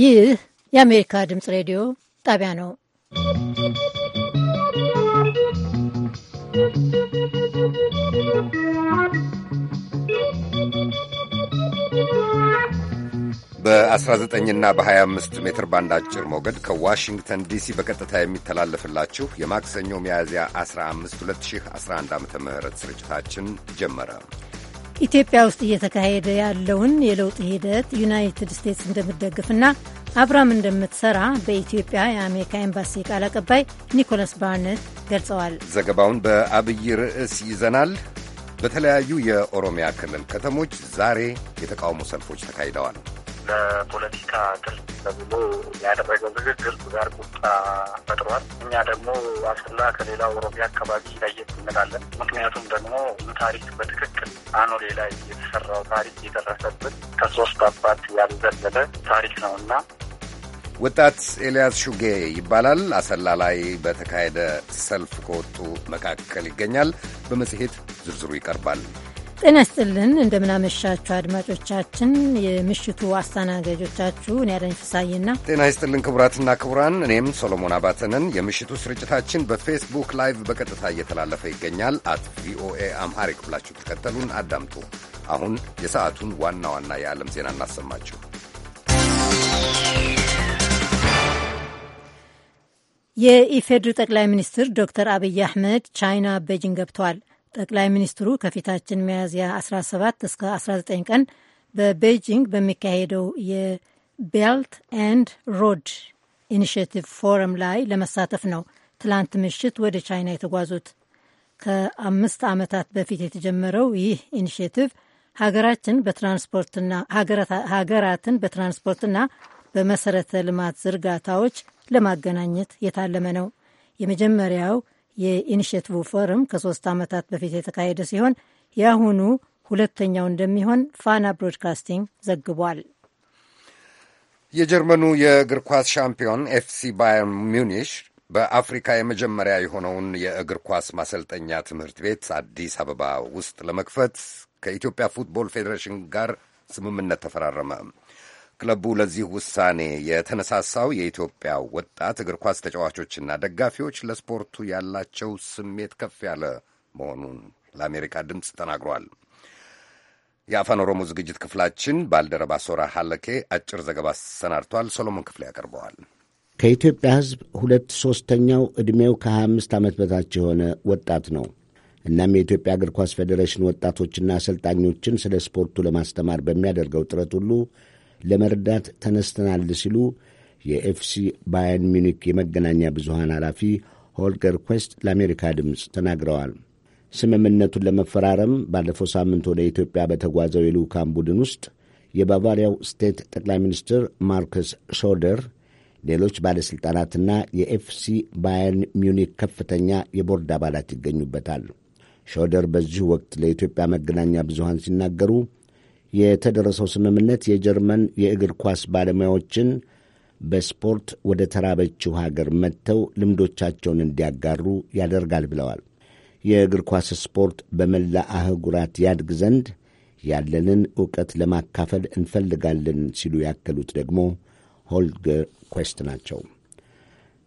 ይህ የአሜሪካ ድምፅ ሬዲዮ ጣቢያ ነው። በ19 እና በ25 ሜትር ባንድ አጭር ሞገድ ከዋሽንግተን ዲሲ በቀጥታ የሚተላለፍላችሁ የማክሰኞ ሚያዝያ 15 2011 ዓ ም ስርጭታችን ጀመረ። ኢትዮጵያ ውስጥ እየተካሄደ ያለውን የለውጥ ሂደት ዩናይትድ ስቴትስ እንደምትደግፍና አብራም እንደምትሰራ በኢትዮጵያ የአሜሪካ ኤምባሲ ቃል አቀባይ ኒኮላስ ባርነት ገልጸዋል። ዘገባውን በአብይ ርዕስ ይዘናል። በተለያዩ የኦሮሚያ ክልል ከተሞች ዛሬ የተቃውሞ ሰልፎች ተካሂደዋል። ለፖለቲካ ትርፍ ተብሎ ያደረገው ንግግር ጋር ቁጣ ፈጥሯል። እኛ ደግሞ አሰላ ከሌላ ኦሮሚያ አካባቢ ይለየት እንላለን። ምክንያቱም ደግሞ ታሪክ በትክክል አኖሌ ላይ የተሰራው ታሪክ የደረሰብን ከሶስት አባት ያልዘለለ ታሪክ ነው እና ወጣት ኤልያስ ሹጌ ይባላል። አሰላ ላይ በተካሄደ ሰልፍ ከወጡ መካከል ይገኛል። በመጽሔት ዝርዝሩ ይቀርባል። ጤና ይስጥልን እንደምናመሻችሁ አድማጮቻችን። የምሽቱ አስተናጋጆቻችሁ እኔ አዳነች ፍስሐዬና ጤና ይስጥልን ክቡራትና ክቡራን፣ እኔም ሶሎሞን አባተንን። የምሽቱ ስርጭታችን በፌስቡክ ላይቭ በቀጥታ እየተላለፈ ይገኛል። አት ቪኦኤ አምሃሪክ ብላችሁ ተከተሉን አዳምጡ። አሁን የሰዓቱን ዋና ዋና የዓለም ዜና እናሰማችሁ። የኢፌዴሪ ጠቅላይ ሚኒስትር ዶክተር አብይ አህመድ ቻይና በጅን ገብተዋል። ጠቅላይ ሚኒስትሩ ከፊታችን ሚያዝያ 17 እስከ 19 ቀን በቤይጂንግ በሚካሄደው የቤልት ኤንድ ሮድ ኢኒሽቲቭ ፎረም ላይ ለመሳተፍ ነው ትላንት ምሽት ወደ ቻይና የተጓዙት። ከአምስት ዓመታት በፊት የተጀመረው ይህ ኢኒሽቲቭ ሀገራችን በትራንስፖርትና ሀገራትን በትራንስፖርትና በመሰረተ ልማት ዝርጋታዎች ለማገናኘት የታለመ ነው። የመጀመሪያው የኢኒሽቲቭ ፎረም ከሶስት ዓመታት በፊት የተካሄደ ሲሆን የአሁኑ ሁለተኛው እንደሚሆን ፋና ብሮድካስቲንግ ዘግቧል። የጀርመኑ የእግር ኳስ ሻምፒዮን ኤፍሲ ባየር ሚኒሽ በአፍሪካ የመጀመሪያ የሆነውን የእግር ኳስ ማሰልጠኛ ትምህርት ቤት አዲስ አበባ ውስጥ ለመክፈት ከኢትዮጵያ ፉትቦል ፌዴሬሽን ጋር ስምምነት ተፈራረመ። ክለቡ ለዚህ ውሳኔ የተነሳሳው የኢትዮጵያ ወጣት እግር ኳስ ተጫዋቾችና ደጋፊዎች ለስፖርቱ ያላቸው ስሜት ከፍ ያለ መሆኑን ለአሜሪካ ድምፅ ተናግሯል። የአፋን ኦሮሞ ዝግጅት ክፍላችን ባልደረባ ሶራ ሀለኬ አጭር ዘገባ አሰናድቷል። ሰሎሞን ክፍሌ ያቀርበዋል። ከኢትዮጵያ ሕዝብ ሁለት ሦስተኛው ዕድሜው ከ25 ዓመት በታች የሆነ ወጣት ነው። እናም የኢትዮጵያ እግር ኳስ ፌዴሬሽን ወጣቶችና አሰልጣኞችን ስለ ስፖርቱ ለማስተማር በሚያደርገው ጥረት ሁሉ ለመርዳት ተነስተናል ሲሉ የኤፍሲ ባየርን ሚኒክ የመገናኛ ብዙሃን ኃላፊ ሆልገር ኮስት ለአሜሪካ ድምፅ ተናግረዋል። ስምምነቱን ለመፈራረም ባለፈው ሳምንት ወደ ኢትዮጵያ በተጓዘው የልዑካን ቡድን ውስጥ የባቫሪያው ስቴት ጠቅላይ ሚኒስትር ማርከስ ሾደር፣ ሌሎች ባለሥልጣናትና የኤፍሲ ባየርን ሚኒክ ከፍተኛ የቦርድ አባላት ይገኙበታል። ሾደር በዚሁ ወቅት ለኢትዮጵያ መገናኛ ብዙሃን ሲናገሩ የተደረሰው ስምምነት የጀርመን የእግር ኳስ ባለሙያዎችን በስፖርት ወደ ተራበችው ሀገር መጥተው ልምዶቻቸውን እንዲያጋሩ ያደርጋል ብለዋል። የእግር ኳስ ስፖርት በመላ አህጉራት ያድግ ዘንድ ያለንን ዕውቀት ለማካፈል እንፈልጋለን ሲሉ ያከሉት ደግሞ ሆልገር ኮስት ናቸው።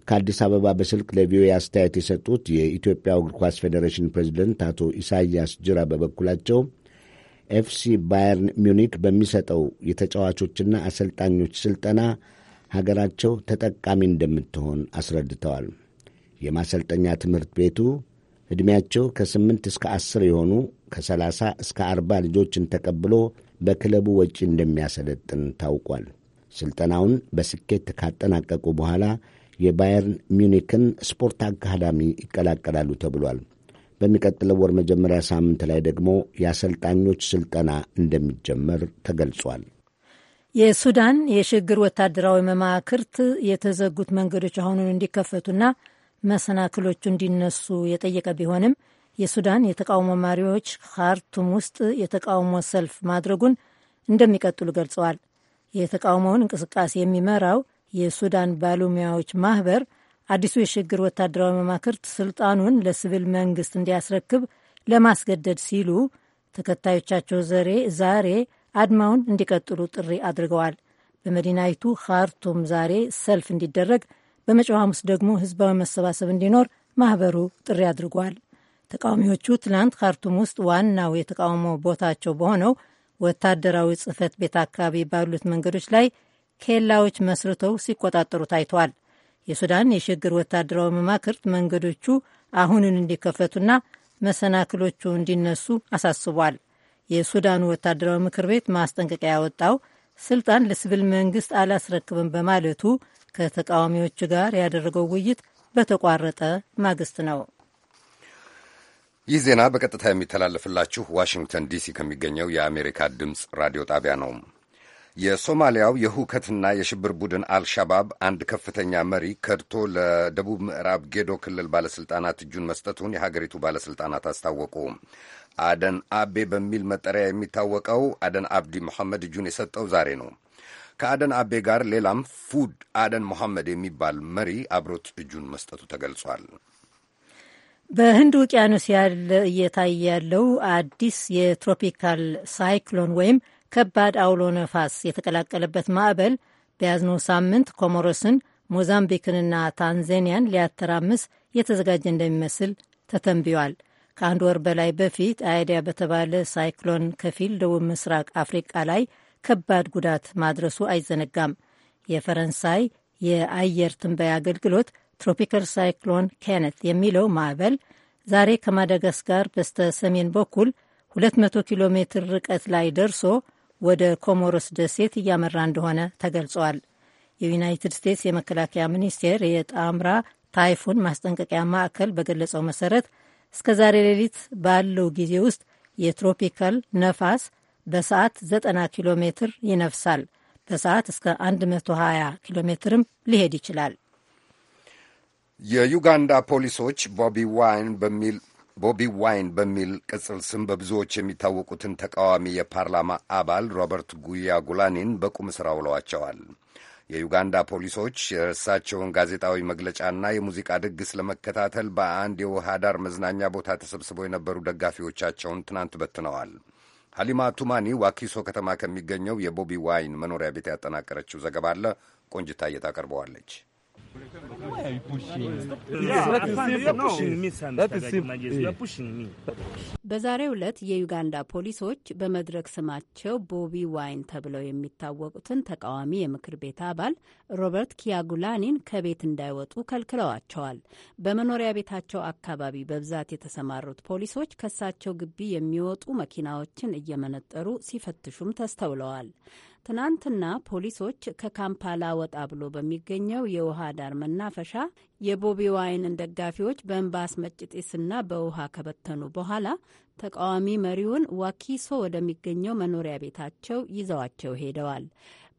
ከአዲስ አበባ በስልክ ለቪኦኤ አስተያየት የሰጡት የኢትዮጵያ እግር ኳስ ፌዴሬሽን ፕሬዚደንት አቶ ኢሳያስ ጅራ በበኩላቸው ኤፍሲ ባየርን ሚዩኒክ በሚሰጠው የተጫዋቾችና አሰልጣኞች ስልጠና ሀገራቸው ተጠቃሚ እንደምትሆን አስረድተዋል። የማሰልጠኛ ትምህርት ቤቱ ዕድሜያቸው ከስምንት እስከ አስር የሆኑ ከሰላሳ እስከ አርባ ልጆችን ተቀብሎ በክለቡ ወጪ እንደሚያሰለጥን ታውቋል። ስልጠናውን በስኬት ካጠናቀቁ በኋላ የባየርን ሚዩኒክን ስፖርት አካዳሚ ይቀላቀላሉ ተብሏል። በሚቀጥለው ወር መጀመሪያ ሳምንት ላይ ደግሞ የአሰልጣኞች ስልጠና እንደሚጀመር ተገልጿል። የሱዳን የሽግግር ወታደራዊ መማክርት የተዘጉት መንገዶች አሁኑን እንዲከፈቱና መሰናክሎቹ እንዲነሱ የጠየቀ ቢሆንም የሱዳን የተቃውሞ መሪዎች ካርቱም ውስጥ የተቃውሞ ሰልፍ ማድረጉን እንደሚቀጥሉ ገልጸዋል። የተቃውሞውን እንቅስቃሴ የሚመራው የሱዳን ባለሙያዎች ማህበር አዲሱ የሽግግር ወታደራዊ መማክርት ስልጣኑን ለሲቪል መንግስት እንዲያስረክብ ለማስገደድ ሲሉ ተከታዮቻቸው ዘሬ ዛሬ አድማውን እንዲቀጥሉ ጥሪ አድርገዋል። በመዲናይቱ ካርቱም ዛሬ ሰልፍ እንዲደረግ፣ በመጪው ሐሙስ ደግሞ ህዝባዊ መሰባሰብ እንዲኖር ማህበሩ ጥሪ አድርጓል። ተቃዋሚዎቹ ትላንት ካርቱም ውስጥ ዋናው የተቃውሞ ቦታቸው በሆነው ወታደራዊ ጽህፈት ቤት አካባቢ ባሉት መንገዶች ላይ ኬላዎች መስርተው ሲቆጣጠሩ ታይተዋል። የሱዳን የሽግግር ወታደራዊ መማክርት መንገዶቹ አሁንን እንዲከፈቱና መሰናክሎቹ እንዲነሱ አሳስቧል። የሱዳኑ ወታደራዊ ምክር ቤት ማስጠንቀቂያ ያወጣው ስልጣን ለሲቪል መንግስት አላስረክብም በማለቱ ከተቃዋሚዎች ጋር ያደረገው ውይይት በተቋረጠ ማግስት ነው። ይህ ዜና በቀጥታ የሚተላለፍላችሁ ዋሽንግተን ዲሲ ከሚገኘው የአሜሪካ ድምፅ ራዲዮ ጣቢያ ነው። የሶማሊያው የሁከትና የሽብር ቡድን አልሻባብ አንድ ከፍተኛ መሪ ከድቶ ለደቡብ ምዕራብ ጌዶ ክልል ባለሥልጣናት እጁን መስጠቱን የሀገሪቱ ባለሥልጣናት አስታወቁ። አደን አቤ በሚል መጠሪያ የሚታወቀው አደን አብዲ መሐመድ እጁን የሰጠው ዛሬ ነው። ከአደን አቤ ጋር ሌላም ፉድ አደን መሐመድ የሚባል መሪ አብሮት እጁን መስጠቱ ተገልጿል። በህንድ ውቅያኖስ እየታየ ያለው አዲስ የትሮፒካል ሳይክሎን ወይም ከባድ አውሎ ነፋስ የተቀላቀለበት ማዕበል በያዝነው ሳምንት ኮሞሮስን፣ ሞዛምቢክንና ታንዛኒያን ሊያተራምስ የተዘጋጀ እንደሚመስል ተተንብዮአል። ከአንድ ወር በላይ በፊት አይዲያ በተባለ ሳይክሎን ከፊል ደቡብ ምስራቅ አፍሪቃ ላይ ከባድ ጉዳት ማድረሱ አይዘነጋም። የፈረንሳይ የአየር ትንበያ አገልግሎት ትሮፒካል ሳይክሎን ኬነት የሚለው ማዕበል ዛሬ ከማደጋስካር በስተ ሰሜን በኩል 200 ኪሎ ሜትር ርቀት ላይ ደርሶ ወደ ኮሞሮስ ደሴት እያመራ እንደሆነ ተገልጿል። የዩናይትድ ስቴትስ የመከላከያ ሚኒስቴር የጣምራ ታይፉን ማስጠንቀቂያ ማዕከል በገለጸው መሰረት እስከ ዛሬ ሌሊት ባለው ጊዜ ውስጥ የትሮፒካል ነፋስ በሰዓት 90 ኪሎ ሜትር ይነፍሳል። በሰዓት እስከ 120 ኪሎ ሜትርም ሊሄድ ይችላል። የዩጋንዳ ፖሊሶች ቦቢ ዋይን በሚል ቦቢ ዋይን በሚል ቅጽል ስም በብዙዎች የሚታወቁትን ተቃዋሚ የፓርላማ አባል ሮበርት ጉያጉላኒን በቁም ሥራ ውለዋቸዋል። የዩጋንዳ ፖሊሶች የእርሳቸውን ጋዜጣዊ መግለጫና የሙዚቃ ድግስ ለመከታተል በአንድ የውሃ ዳር መዝናኛ ቦታ ተሰብስበው የነበሩ ደጋፊዎቻቸውን ትናንት በትነዋል። ሀሊማ ቱማኒ ዋኪሶ ከተማ ከሚገኘው የቦቢ ዋይን መኖሪያ ቤት ያጠናቀረችው ዘገባ አለ። ቆንጅታ እየታቀርበዋለች። Why are you pushing? በዛሬው ዕለት የዩጋንዳ ፖሊሶች በመድረክ ስማቸው ቦቢ ዋይን ተብለው የሚታወቁትን ተቃዋሚ የምክር ቤት አባል ሮበርት ኪያጉላኒን ከቤት እንዳይወጡ ከልክለዋቸዋል። በመኖሪያ ቤታቸው አካባቢ በብዛት የተሰማሩት ፖሊሶች ከሳቸው ግቢ የሚወጡ መኪናዎችን እየመነጠሩ ሲፈትሹም ተስተውለዋል። ትናንትና ፖሊሶች ከካምፓላ ወጣ ብሎ በሚገኘው የውሃ ዳር መናፈሻ የቦቢ ዋይንን ደጋፊዎች በእንባ አስመጭ ጢስና በውሃ ከበተኑ በኋላ ተቃዋሚ መሪውን ዋኪሶ ወደሚገኘው መኖሪያ ቤታቸው ይዘዋቸው ሄደዋል።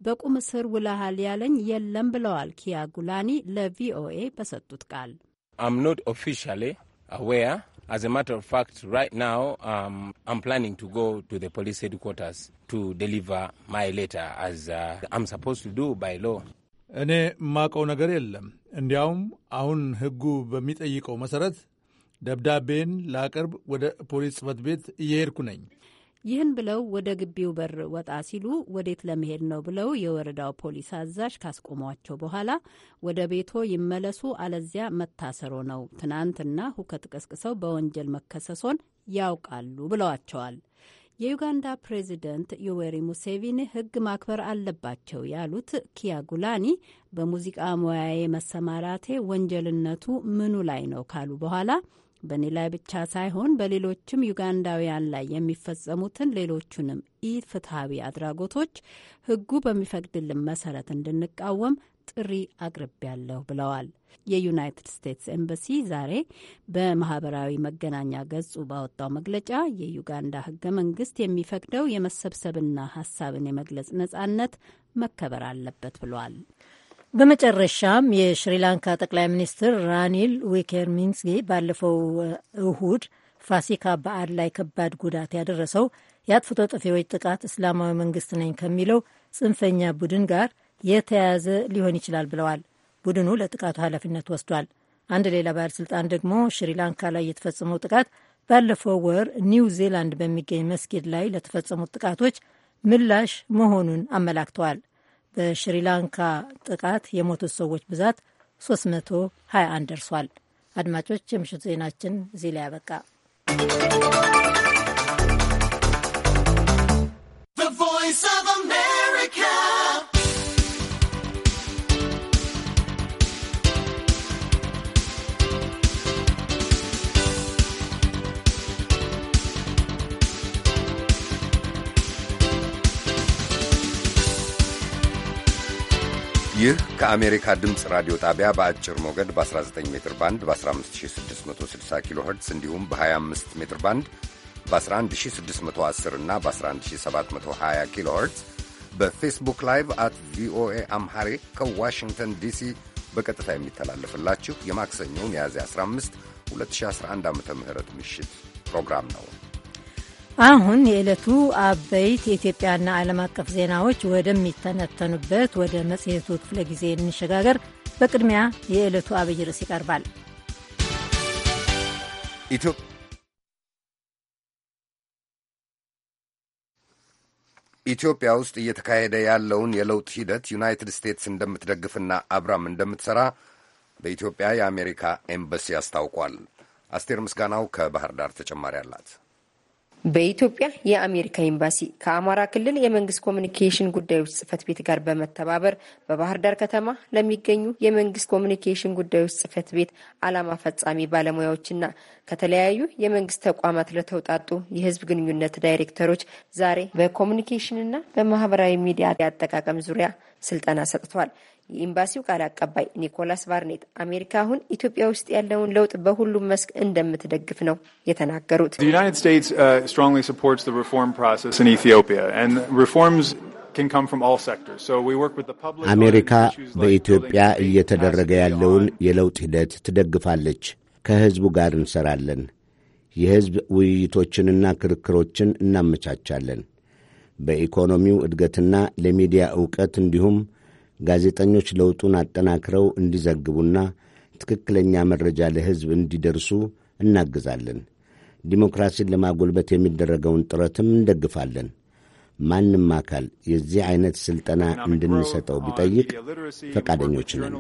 በቁም እስር ውለሃል ያለኝ የለም ብለዋል ኪያ ጉላኒ ለቪኦኤ በሰጡት ቃል። As a matter of fact, right now um, I'm planning to go to the police headquarters to deliver my letter as uh, I'm supposed to do by law. እኔ የማውቀው ነገር የለም። እንዲያውም አሁን ሕጉ በሚጠይቀው መሠረት ደብዳቤን ላቅርብ ወደ ፖሊስ ጽሕፈት ቤት እየሄድኩ ነኝ። ይህን ብለው ወደ ግቢው በር ወጣ ሲሉ ወዴት ለመሄድ ነው ብለው የወረዳው ፖሊስ አዛዥ ካስቆሟቸው በኋላ ወደ ቤቶ ይመለሱ አለዚያ መታሰሮ ነው፣ ትናንትና ሁከት ቀስቅሰው በወንጀል መከሰሶን ያውቃሉ ብለዋቸዋል። የዩጋንዳ ፕሬዚደንት ዮዌሪ ሙሴቪኒ ሕግ ማክበር አለባቸው ያሉት ኪያጉላኒ በሙዚቃ ሙያዬ መሰማራቴ ወንጀልነቱ ምኑ ላይ ነው ካሉ በኋላ በእኔ ላይ ብቻ ሳይሆን በሌሎችም ዩጋንዳውያን ላይ የሚፈጸሙትን ሌሎቹንም ኢፍትሐዊ አድራጎቶች ሕጉ በሚፈቅድልን መሰረት እንድንቃወም ጥሪ አቅርቤያለሁ ብለዋል። የዩናይትድ ስቴትስ ኤምባሲ ዛሬ በማህበራዊ መገናኛ ገጹ ባወጣው መግለጫ የዩጋንዳ ህገ መንግስት የሚፈቅደው የመሰብሰብና ሀሳብን የመግለጽ ነጻነት መከበር አለበት ብሏል። በመጨረሻም የሽሪላንካ ጠቅላይ ሚኒስትር ራኒል ዊኬርሚንስጌ ባለፈው እሁድ ፋሲካ በዓል ላይ ከባድ ጉዳት ያደረሰው የአጥፍቶ ጠፊዎች ጥቃት እስላማዊ መንግስት ነኝ ከሚለው ጽንፈኛ ቡድን ጋር የተያያዘ ሊሆን ይችላል ብለዋል። ቡድኑ ለጥቃቱ ኃላፊነት ወስዷል። አንድ ሌላ ባለሥልጣን ደግሞ ሽሪላንካ ላይ የተፈጸመው ጥቃት ባለፈው ወር ኒው ዚላንድ በሚገኝ መስጊድ ላይ ለተፈጸሙት ጥቃቶች ምላሽ መሆኑን አመላክተዋል። በሽሪላንካ ጥቃት የሞቱት ሰዎች ብዛት 321 ደርሷል። አድማጮች፣ የምሽት ዜናችን እዚህ ላይ you. ይህ ከአሜሪካ ድምፅ ራዲዮ ጣቢያ በአጭር ሞገድ በ19 ሜትር ባንድ በ15660 ኪሎ ኸርትዝ እንዲሁም በ25 ሜትር ባንድ በ11610 እና በ11720 ኪሎ ኸርትዝ በፌስቡክ ላይቭ አት ቪኦኤ አምሃሬ ከዋሽንግተን ዲሲ በቀጥታ የሚተላለፍላችሁ የማክሰኞውን ሚያዝያ 15 2011 ዓ ም ምሽት ፕሮግራም ነው። አሁን የዕለቱ አበይት የኢትዮጵያና ዓለም አቀፍ ዜናዎች ወደሚተነተኑበት ወደ መጽሔቱ ክፍለ ጊዜ እንሸጋገር። በቅድሚያ የዕለቱ አብይ ርዕስ ይቀርባል። ኢትዮጵያ ውስጥ እየተካሄደ ያለውን የለውጥ ሂደት ዩናይትድ ስቴትስ እንደምትደግፍና አብራም እንደምትሠራ በኢትዮጵያ የአሜሪካ ኤምባሲ አስታውቋል። አስቴር ምስጋናው ከባህር ዳር ተጨማሪ አላት። በኢትዮጵያ የአሜሪካ ኤምባሲ ከአማራ ክልል የመንግስት ኮሚኒኬሽን ጉዳዮች ጽህፈት ቤት ጋር በመተባበር በባህር ዳር ከተማ ለሚገኙ የመንግስት ኮሚኒኬሽን ጉዳዮች ጽህፈት ቤት ዓላማ ፈጻሚ ባለሙያዎችና ከተለያዩ የመንግስት ተቋማት ለተውጣጡ የህዝብ ግንኙነት ዳይሬክተሮች ዛሬ በኮሚኒኬሽንና በማህበራዊ ሚዲያ አጠቃቀም ዙሪያ ስልጠና ሰጥቷል። የኤምባሲው ቃል አቀባይ ኒኮላስ ቫርኔት አሜሪካ አሁን ኢትዮጵያ ውስጥ ያለውን ለውጥ በሁሉም መስክ እንደምትደግፍ ነው የተናገሩት። uh, አሜሪካ በኢትዮጵያ እየተደረገ ያለውን የለውጥ ሂደት ትደግፋለች። ከሕዝቡ ጋር እንሰራለን። የሕዝብ ውይይቶችንና ክርክሮችን እናመቻቻለን። በኢኮኖሚው እድገትና ለሚዲያ ዕውቀት እንዲሁም ጋዜጠኞች ለውጡን አጠናክረው እንዲዘግቡና ትክክለኛ መረጃ ለሕዝብ እንዲደርሱ እናግዛለን። ዲሞክራሲን ለማጎልበት የሚደረገውን ጥረትም እንደግፋለን። ማንም አካል የዚህ አይነት ሥልጠና እንድንሰጠው ቢጠይቅ ፈቃደኞች ነን።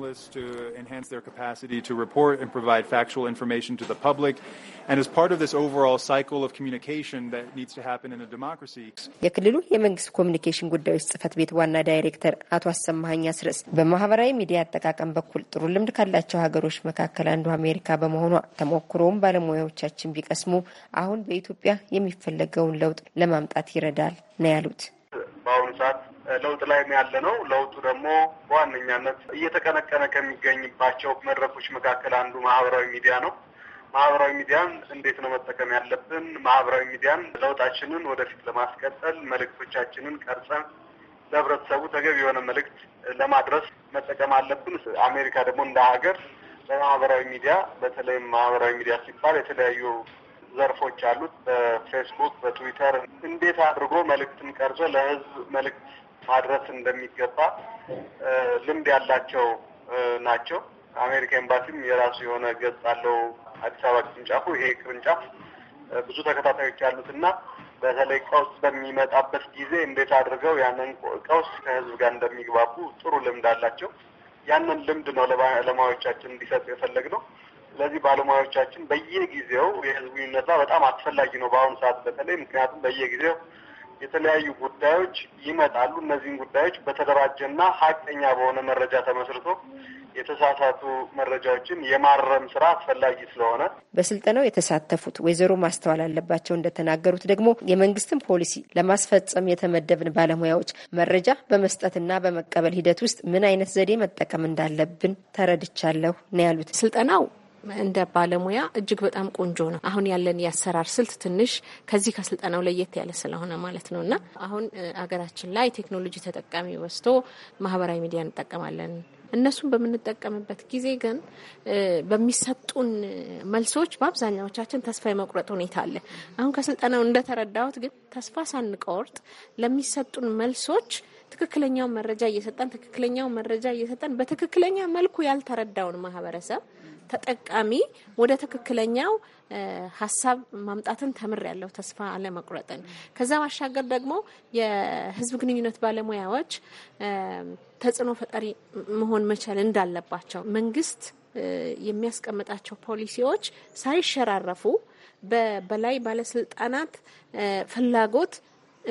የክልሉ የመንግስት ኮሚኒኬሽን ጉዳዮች ጽህፈት ቤት ዋና ዳይሬክተር አቶ አሰማሀኝ አስረስ በማህበራዊ ሚዲያ አጠቃቀም በኩል ጥሩ ልምድ ካላቸው ሀገሮች መካከል አንዱ አሜሪካ በመሆኗ ተሞክሮውም ባለሙያዎቻችን ቢቀስሙ አሁን በኢትዮጵያ የሚፈለገውን ለውጥ ለማምጣት ይረዳል ነው ያሉት። በአሁኑ ሰዓት ለውጥ ላይ ያለ ነው። ለውጡ ደግሞ በዋነኛነት እየተቀነቀነ ከሚገኝባቸው መድረኮች መካከል አንዱ ማህበራዊ ሚዲያ ነው። ማህበራዊ ሚዲያን እንዴት ነው መጠቀም ያለብን? ማህበራዊ ሚዲያን ለውጣችንን ወደፊት ለማስቀጠል መልእክቶቻችንን ቀርጸን ለህብረተሰቡ ተገቢ የሆነ መልእክት ለማድረስ መጠቀም አለብን። አሜሪካ ደግሞ እንደ ሀገር በማህበራዊ ሚዲያ በተለይም ማህበራዊ ሚዲያ ሲባል የተለያዩ ዘርፎች አሉት። በፌስቡክ፣ በትዊተር እንዴት አድርጎ መልእክትን ቀርጾ ለህዝብ መልእክት ማድረስ እንደሚገባ ልምድ ያላቸው ናቸው። አሜሪካ ኤምባሲም የራሱ የሆነ ገጽ አለው አዲስ አበባ ቅርንጫፉ። ይሄ ቅርንጫፍ ብዙ ተከታታዮች ያሉት እና በተለይ ቀውስ በሚመጣበት ጊዜ እንዴት አድርገው ያንን ቀውስ ከህዝብ ጋር እንደሚግባቡ ጥሩ ልምድ አላቸው። ያንን ልምድ ነው ለባለሙያዎቻችን እንዲሰጥ የፈለግ ነው። ስለዚህ ባለሙያዎቻችን በየጊዜው የህዝቡ ይነሳ በጣም አስፈላጊ ነው በአሁኑ ሰዓት በተለይ ምክንያቱም በየጊዜው የተለያዩ ጉዳዮች ይመጣሉ። እነዚህን ጉዳዮች በተደራጀና ሀቀኛ በሆነ መረጃ ተመስርቶ የተሳሳቱ መረጃዎችን የማረም ስራ አስፈላጊ ስለሆነ በስልጠናው የተሳተፉት ወይዘሮ ማስተዋል አለባቸው እንደተናገሩት ደግሞ የመንግስትን ፖሊሲ ለማስፈጸም የተመደብን ባለሙያዎች መረጃ በመስጠትና በመቀበል ሂደት ውስጥ ምን አይነት ዘዴ መጠቀም እንዳለብን ተረድቻለሁ ነው ያሉት። ስልጠናው እንደ ባለሙያ እጅግ በጣም ቆንጆ ነው። አሁን ያለን የአሰራር ስልት ትንሽ ከዚህ ከስልጠናው ለየት ያለ ስለሆነ ማለት ነው እና አሁን አገራችን ላይ ቴክኖሎጂ ተጠቃሚ ወስቶ ማህበራዊ ሚዲያ እንጠቀማለን። እነሱን በምንጠቀምበት ጊዜ ግን በሚሰጡን መልሶች በአብዛኛዎቻችን ተስፋ የመቁረጥ ሁኔታ አለ። አሁን ከስልጠናው እንደተረዳሁት ግን ተስፋ ሳንቆርጥ ለሚሰጡን መልሶች ትክክለኛውን መረጃ እየሰጠን ትክክለኛውን መረጃ እየሰጠን በትክክለኛ መልኩ ያልተረዳውን ማህበረሰብ ተጠቃሚ ወደ ትክክለኛው ሀሳብ ማምጣትን ተምር ያለው ተስፋ አለመቁረጥን። ከዛ ባሻገር ደግሞ የህዝብ ግንኙነት ባለሙያዎች ተጽዕኖ ፈጣሪ መሆን መቻል እንዳለባቸው መንግስት የሚያስቀምጣቸው ፖሊሲዎች ሳይሸራረፉ በላይ ባለስልጣናት ፍላጎት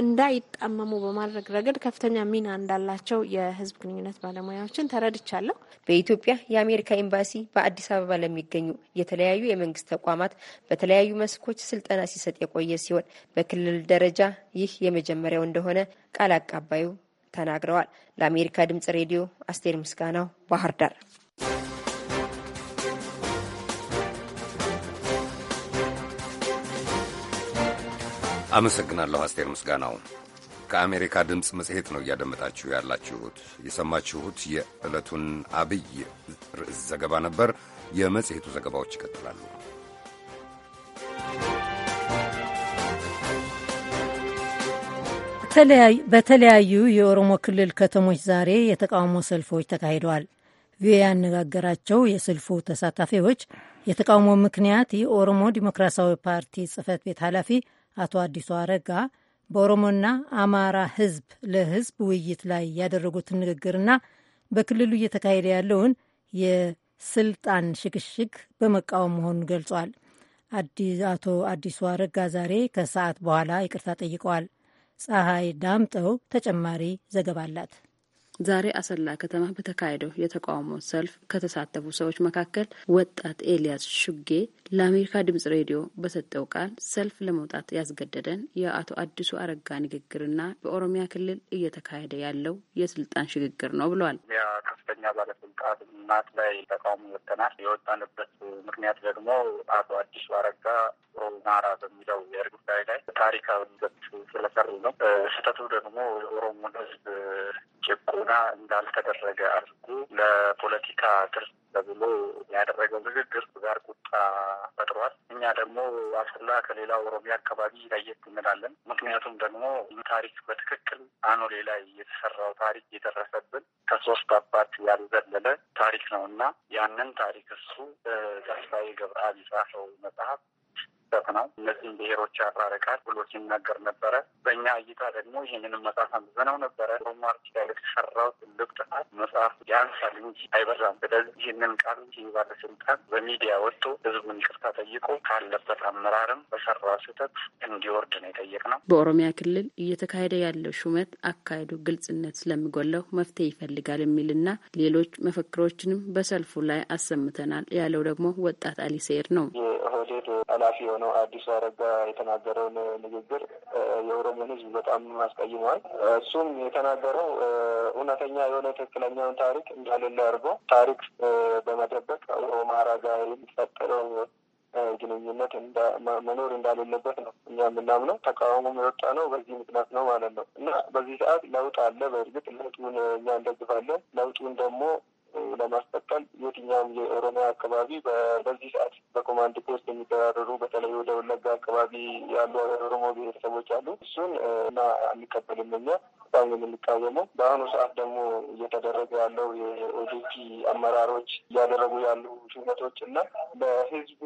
እንዳይጣመሙ በማድረግ ረገድ ከፍተኛ ሚና እንዳላቸው የህዝብ ግንኙነት ባለሙያዎችን ተረድቻለሁ። በኢትዮጵያ የአሜሪካ ኤምባሲ በአዲስ አበባ ለሚገኙ የተለያዩ የመንግስት ተቋማት በተለያዩ መስኮች ስልጠና ሲሰጥ የቆየ ሲሆን በክልል ደረጃ ይህ የመጀመሪያው እንደሆነ ቃል አቀባዩ ተናግረዋል። ለአሜሪካ ድምጽ ሬዲዮ አስቴር ምስጋናው ባህር ዳር አመሰግናለሁ አስቴር ምስጋናው። ከአሜሪካ ድምፅ መጽሔት ነው እያደመጣችሁ ያላችሁት። የሰማችሁት የዕለቱን አብይ ርዕስ ዘገባ ነበር። የመጽሔቱ ዘገባዎች ይቀጥላሉ። በተለያዩ የኦሮሞ ክልል ከተሞች ዛሬ የተቃውሞ ሰልፎች ተካሂደዋል። ቪኦኤ ያነጋገራቸው የሰልፉ ተሳታፊዎች የተቃውሞ ምክንያት የኦሮሞ ዲሞክራሲያዊ ፓርቲ ጽህፈት ቤት ኃላፊ አቶ አዲሱ አረጋ በኦሮሞና አማራ ህዝብ ለህዝብ ውይይት ላይ ያደረጉትን ንግግርና በክልሉ እየተካሄደ ያለውን የስልጣን ሽግሽግ በመቃወም መሆኑን ገልጿል። አቶ አዲሱ አረጋ ዛሬ ከሰዓት በኋላ ይቅርታ ጠይቀዋል። ፀሐይ ዳምጠው ተጨማሪ ዘገባ አላት። ዛሬ አሰላ ከተማ በተካሄደው የተቃውሞ ሰልፍ ከተሳተፉ ሰዎች መካከል ወጣት ኤልያስ ሹጌ ለአሜሪካ ድምጽ ሬዲዮ በሰጠው ቃል ሰልፍ ለመውጣት ያስገደደን የአቶ አዲሱ አረጋ ንግግርና በኦሮሚያ ክልል እየተካሄደ ያለው የስልጣን ሽግግር ነው ብሏል። ከፍተኛ ባለስልጣናት ላይ ተቃውሞ ወጥተናል። የወጣንበት ምክንያት ደግሞ አቶ አዲሱ አረጋ ናራ በሚለው የእርግ ጉዳይ ላይ ታሪካዊ ገብ ስለሰሩ ነው። ስህተቱ ደግሞ ያደረገ አድርጎ ለፖለቲካ ትርፍ ተብሎ ያደረገው ንግግር ጋር ቁጣ ፈጥሯል። እኛ ደግሞ አስላ ከሌላ ኦሮሚያ አካባቢ ለየት እንላለን። ምክንያቱም ደግሞ ታሪክ በትክክል አኖሌ ላይ የተሰራው ታሪክ የደረሰብን ከሶስት አባት ያልዘለለ ታሪክ ነው እና ያንን ታሪክ እሱ ተስፋዬ ገብረአብ የጻፈው መጽሐፍ ስህተት ነው፣ እነዚህም ብሔሮች ያራረቃል ብሎ ሲናገር ነበረ። በእኛ እይታ ደግሞ ይህንንም መጽሐፍ አንብዘነው ነበረ። ሮማርች አይበራም። ስለዚህ ይህንን ቃል ይህ ባለስልጣን በሚዲያ ወጥቶ ህዝቡ እንቅር ጠይቆ ካለበት አመራርም በሰራ ስህተት እንዲወርድ ነው የጠየቅነው። በኦሮሚያ ክልል እየተካሄደ ያለው ሹመት አካሄዱ ግልጽነት ስለሚጎለው መፍትሄ ይፈልጋል የሚልና ሌሎች መፈክሮችንም በሰልፉ ላይ አሰምተናል ያለው ደግሞ ወጣት አሊ ሰይድ ነው። የኦህዴድ ኃላፊ የሆነው አዲሱ አረጋ የተናገረውን ንግግር የኦሮሞን ህዝብ በጣም አስቀይመዋል። እሱም የተናገረው እውነተኛ የሆነ ትክክለኛውን ታሪክ እንዳልል አድርጎ ታሪክ በመደበቅ ኦሮሞ አረጋ የሚፈጠረው ግንኙነት መኖር እንዳሌለበት ነው እኛ የምናምነው። ተቃውሞ የወጣ ነው በዚህ ምክንያት ነው ማለት ነው እና በዚህ ሰዓት ለውጥ አለ። በእርግጥ ለውጡን እኛ እንደግፋለን። ለውጡን ደግሞ ለማስቀጠል የትኛውም የኦሮሚያ አካባቢ በዚህ ሰዓት በኮማንድ ፖስት የሚደራደሩ በተለይ ወደ ወለጋ አካባቢ ያሉ ኦሮሞ ብሔረሰቦች አሉ። እሱን እና አንቀበልም እኛ በጣም የምንቃወመው። በአሁኑ ሰዓት ደግሞ እየተደረገ ያለው የኦዲፒ አመራሮች እያደረጉ ያሉ ሹመቶች እና በህዝቡ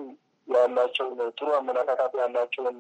ያላቸውን ጥሩ አመለካከት ያላቸውን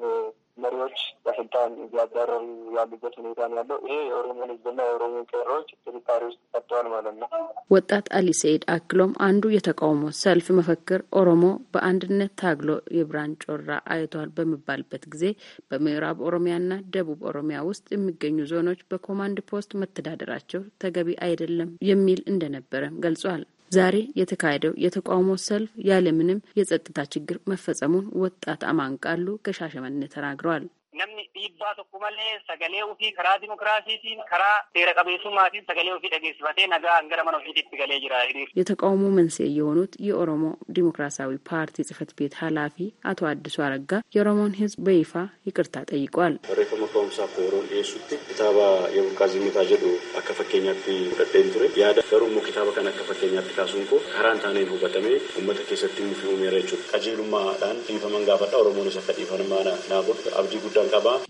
መሪዎች በስልጣን እያባረሩ ያሉበት ሁኔታ ነው ያለው። ይሄ የኦሮሞን ሕዝብና የኦሮሞ ቀሮች ጥርጣሬ ውስጥ ፈጥተዋል ማለት ነው። ወጣት አሊ ሰይድ አክሎም አንዱ የተቃውሞ ሰልፍ መፈክር ኦሮሞ በአንድነት ታግሎ የብራን ጮራ አይቷል በሚባልበት ጊዜ በምዕራብ ኦሮሚያና ደቡብ ኦሮሚያ ውስጥ የሚገኙ ዞኖች በኮማንድ ፖስት መተዳደራቸው ተገቢ አይደለም የሚል እንደነበረም ገልጿል። ዛሬ የተካሄደው የተቃውሞ ሰልፍ ያለምንም የጸጥታ ችግር መፈጸሙን ወጣት አማን ቃሉ ከሻሸመኔ ተናግረዋል። namni dhiibbaa tokko malee sagalee ofii karaa dimokiraasiitiin karaa seera qabeessummaatiin sagalee ofii dhageessifatee nagaan gara mana ofiitti galee jira። የተቃውሞ መንስኤ የሆኑት የኦሮሞ ዲሞክራሲያዊ ፓርቲ ጽህፈት ቤት ኃላፊ አቶ አዲሱ አረጋ የኦሮሞን ህዝብ በይፋ ይቅርታ ጠይቋል። ሬፈማ ኦሮምሳ ኦሮም ሱቲ ኪታባ የቡልቃ ዝምታ ጀዱ አከፈኬኛቲ ደደን ቱሬ ያደ ገሩሙ ኪታባ ከን አከፈኬኛቲ ካሱንኮ ከራን ታኔን ሁበጠሜ ኡመተ ኬሰቲ ሙፊ ሁሜረቹ ቀጂሉማ ዳን ዲፈመን ጋፈዳ ኦሮሞን ሰፈ ዲፈንማና ናቦ አብዲ ጉዳ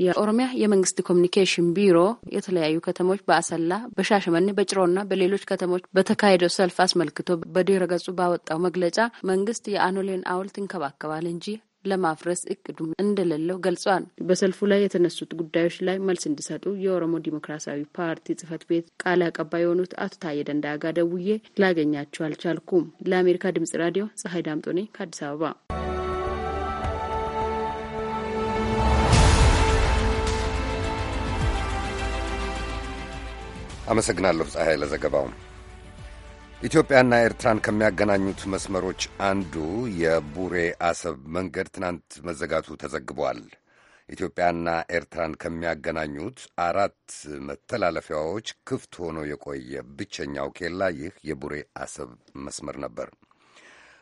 የኦሮሚያ የመንግስት ኮሚኒኬሽን ቢሮ የተለያዩ ከተሞች በአሰላ፣ በሻሸመኔ፣ በጭሮና በሌሎች ከተሞች በተካሄደው ሰልፍ አስመልክቶ በድረ ገጹ ባወጣው መግለጫ መንግስት የአኖሌን አውልት ይንከባከባል እንጂ ለማፍረስ እቅዱ እንደሌለው ገልጿል። በሰልፉ ላይ የተነሱት ጉዳዮች ላይ መልስ እንዲሰጡ የኦሮሞ ዲሞክራሲያዊ ፓርቲ ጽህፈት ቤት ቃል አቀባይ የሆኑት አቶ ታዬ ደንዳጋ ደውዬ ላገኛቸው አልቻልኩም። ለአሜሪካ ድምጽ ራዲዮ ፀሐይ ዳምጦኔ ከአዲስ አበባ አመሰግናለሁ ፀሐይ ለዘገባው። ኢትዮጵያና ኤርትራን ከሚያገናኙት መስመሮች አንዱ የቡሬ አሰብ መንገድ ትናንት መዘጋቱ ተዘግቧል። ኢትዮጵያና ኤርትራን ከሚያገናኙት አራት መተላለፊያዎች ክፍት ሆኖ የቆየ ብቸኛው ኬላ ይህ የቡሬ አሰብ መስመር ነበር።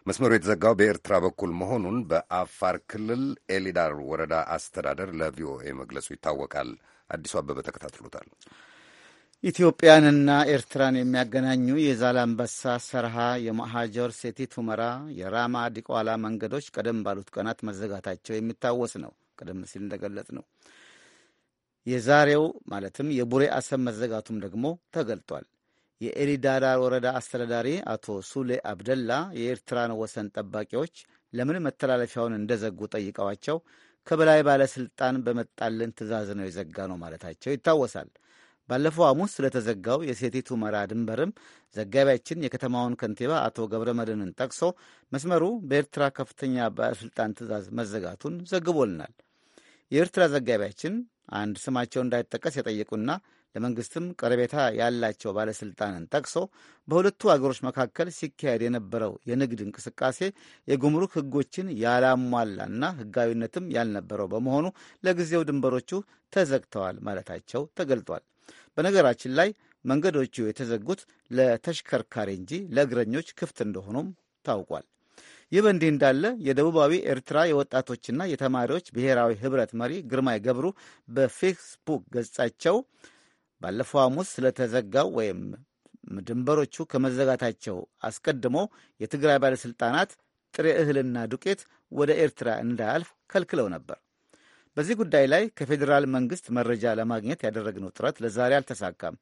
መስመሩ የተዘጋው በኤርትራ በኩል መሆኑን በአፋር ክልል ኤሊዳር ወረዳ አስተዳደር ለቪኦኤ መግለጹ ይታወቃል። አዲሱ አበበ ተከታትሎታል። ኢትዮጵያንና ኤርትራን የሚያገናኙ የዛላምበሳ፣ ሰርሃ፣ የማሃጆር፣ ሴቲት ሁመራ፣ የራማ ዲቋላ መንገዶች ቀደም ባሉት ቀናት መዘጋታቸው የሚታወስ ነው። ቀደም ሲል እንደገለጽ ነው። የዛሬው ማለትም የቡሬ አሰብ መዘጋቱም ደግሞ ተገልጧል። የኤሊዳራ ወረዳ አስተዳዳሪ አቶ ሱሌ አብደላ የኤርትራን ወሰን ጠባቂዎች ለምን መተላለፊያውን እንደዘጉ ጠይቀዋቸው ከበላይ ባለስልጣን በመጣልን ትእዛዝ ነው የዘጋ ነው ማለታቸው ይታወሳል። ባለፈው ሐሙስ ስለተዘጋው የሴቲት መራ ድንበርም ዘጋቢያችን የከተማውን ከንቲባ አቶ ገብረ መድህንን ጠቅሶ መስመሩ በኤርትራ ከፍተኛ ባለሥልጣን ትዕዛዝ መዘጋቱን ዘግቦልናል። የኤርትራ ዘጋቢያችን አንድ ስማቸው እንዳይጠቀስ የጠየቁና ለመንግስትም ቀረቤታ ያላቸው ባለሥልጣንን ጠቅሶ በሁለቱ አገሮች መካከል ሲካሄድ የነበረው የንግድ እንቅስቃሴ የጉምሩክ ሕጎችን ያላሟላና ሕጋዊነትም ያልነበረው በመሆኑ ለጊዜው ድንበሮቹ ተዘግተዋል ማለታቸው ተገልጧል። በነገራችን ላይ መንገዶቹ የተዘጉት ለተሽከርካሪ እንጂ ለእግረኞች ክፍት እንደሆኑም ታውቋል። ይህ በእንዲህ እንዳለ የደቡባዊ ኤርትራ የወጣቶችና የተማሪዎች ብሔራዊ ህብረት መሪ ግርማይ ገብሩ በፌስቡክ ገጻቸው ባለፈው ሐሙስ ስለተዘጋው ወይም ድንበሮቹ ከመዘጋታቸው አስቀድሞ የትግራይ ባለሥልጣናት ጥሬ እህልና ዱቄት ወደ ኤርትራ እንዳያልፍ ከልክለው ነበር። በዚህ ጉዳይ ላይ ከፌዴራል መንግስት መረጃ ለማግኘት ያደረግነው ጥረት ለዛሬ አልተሳካም።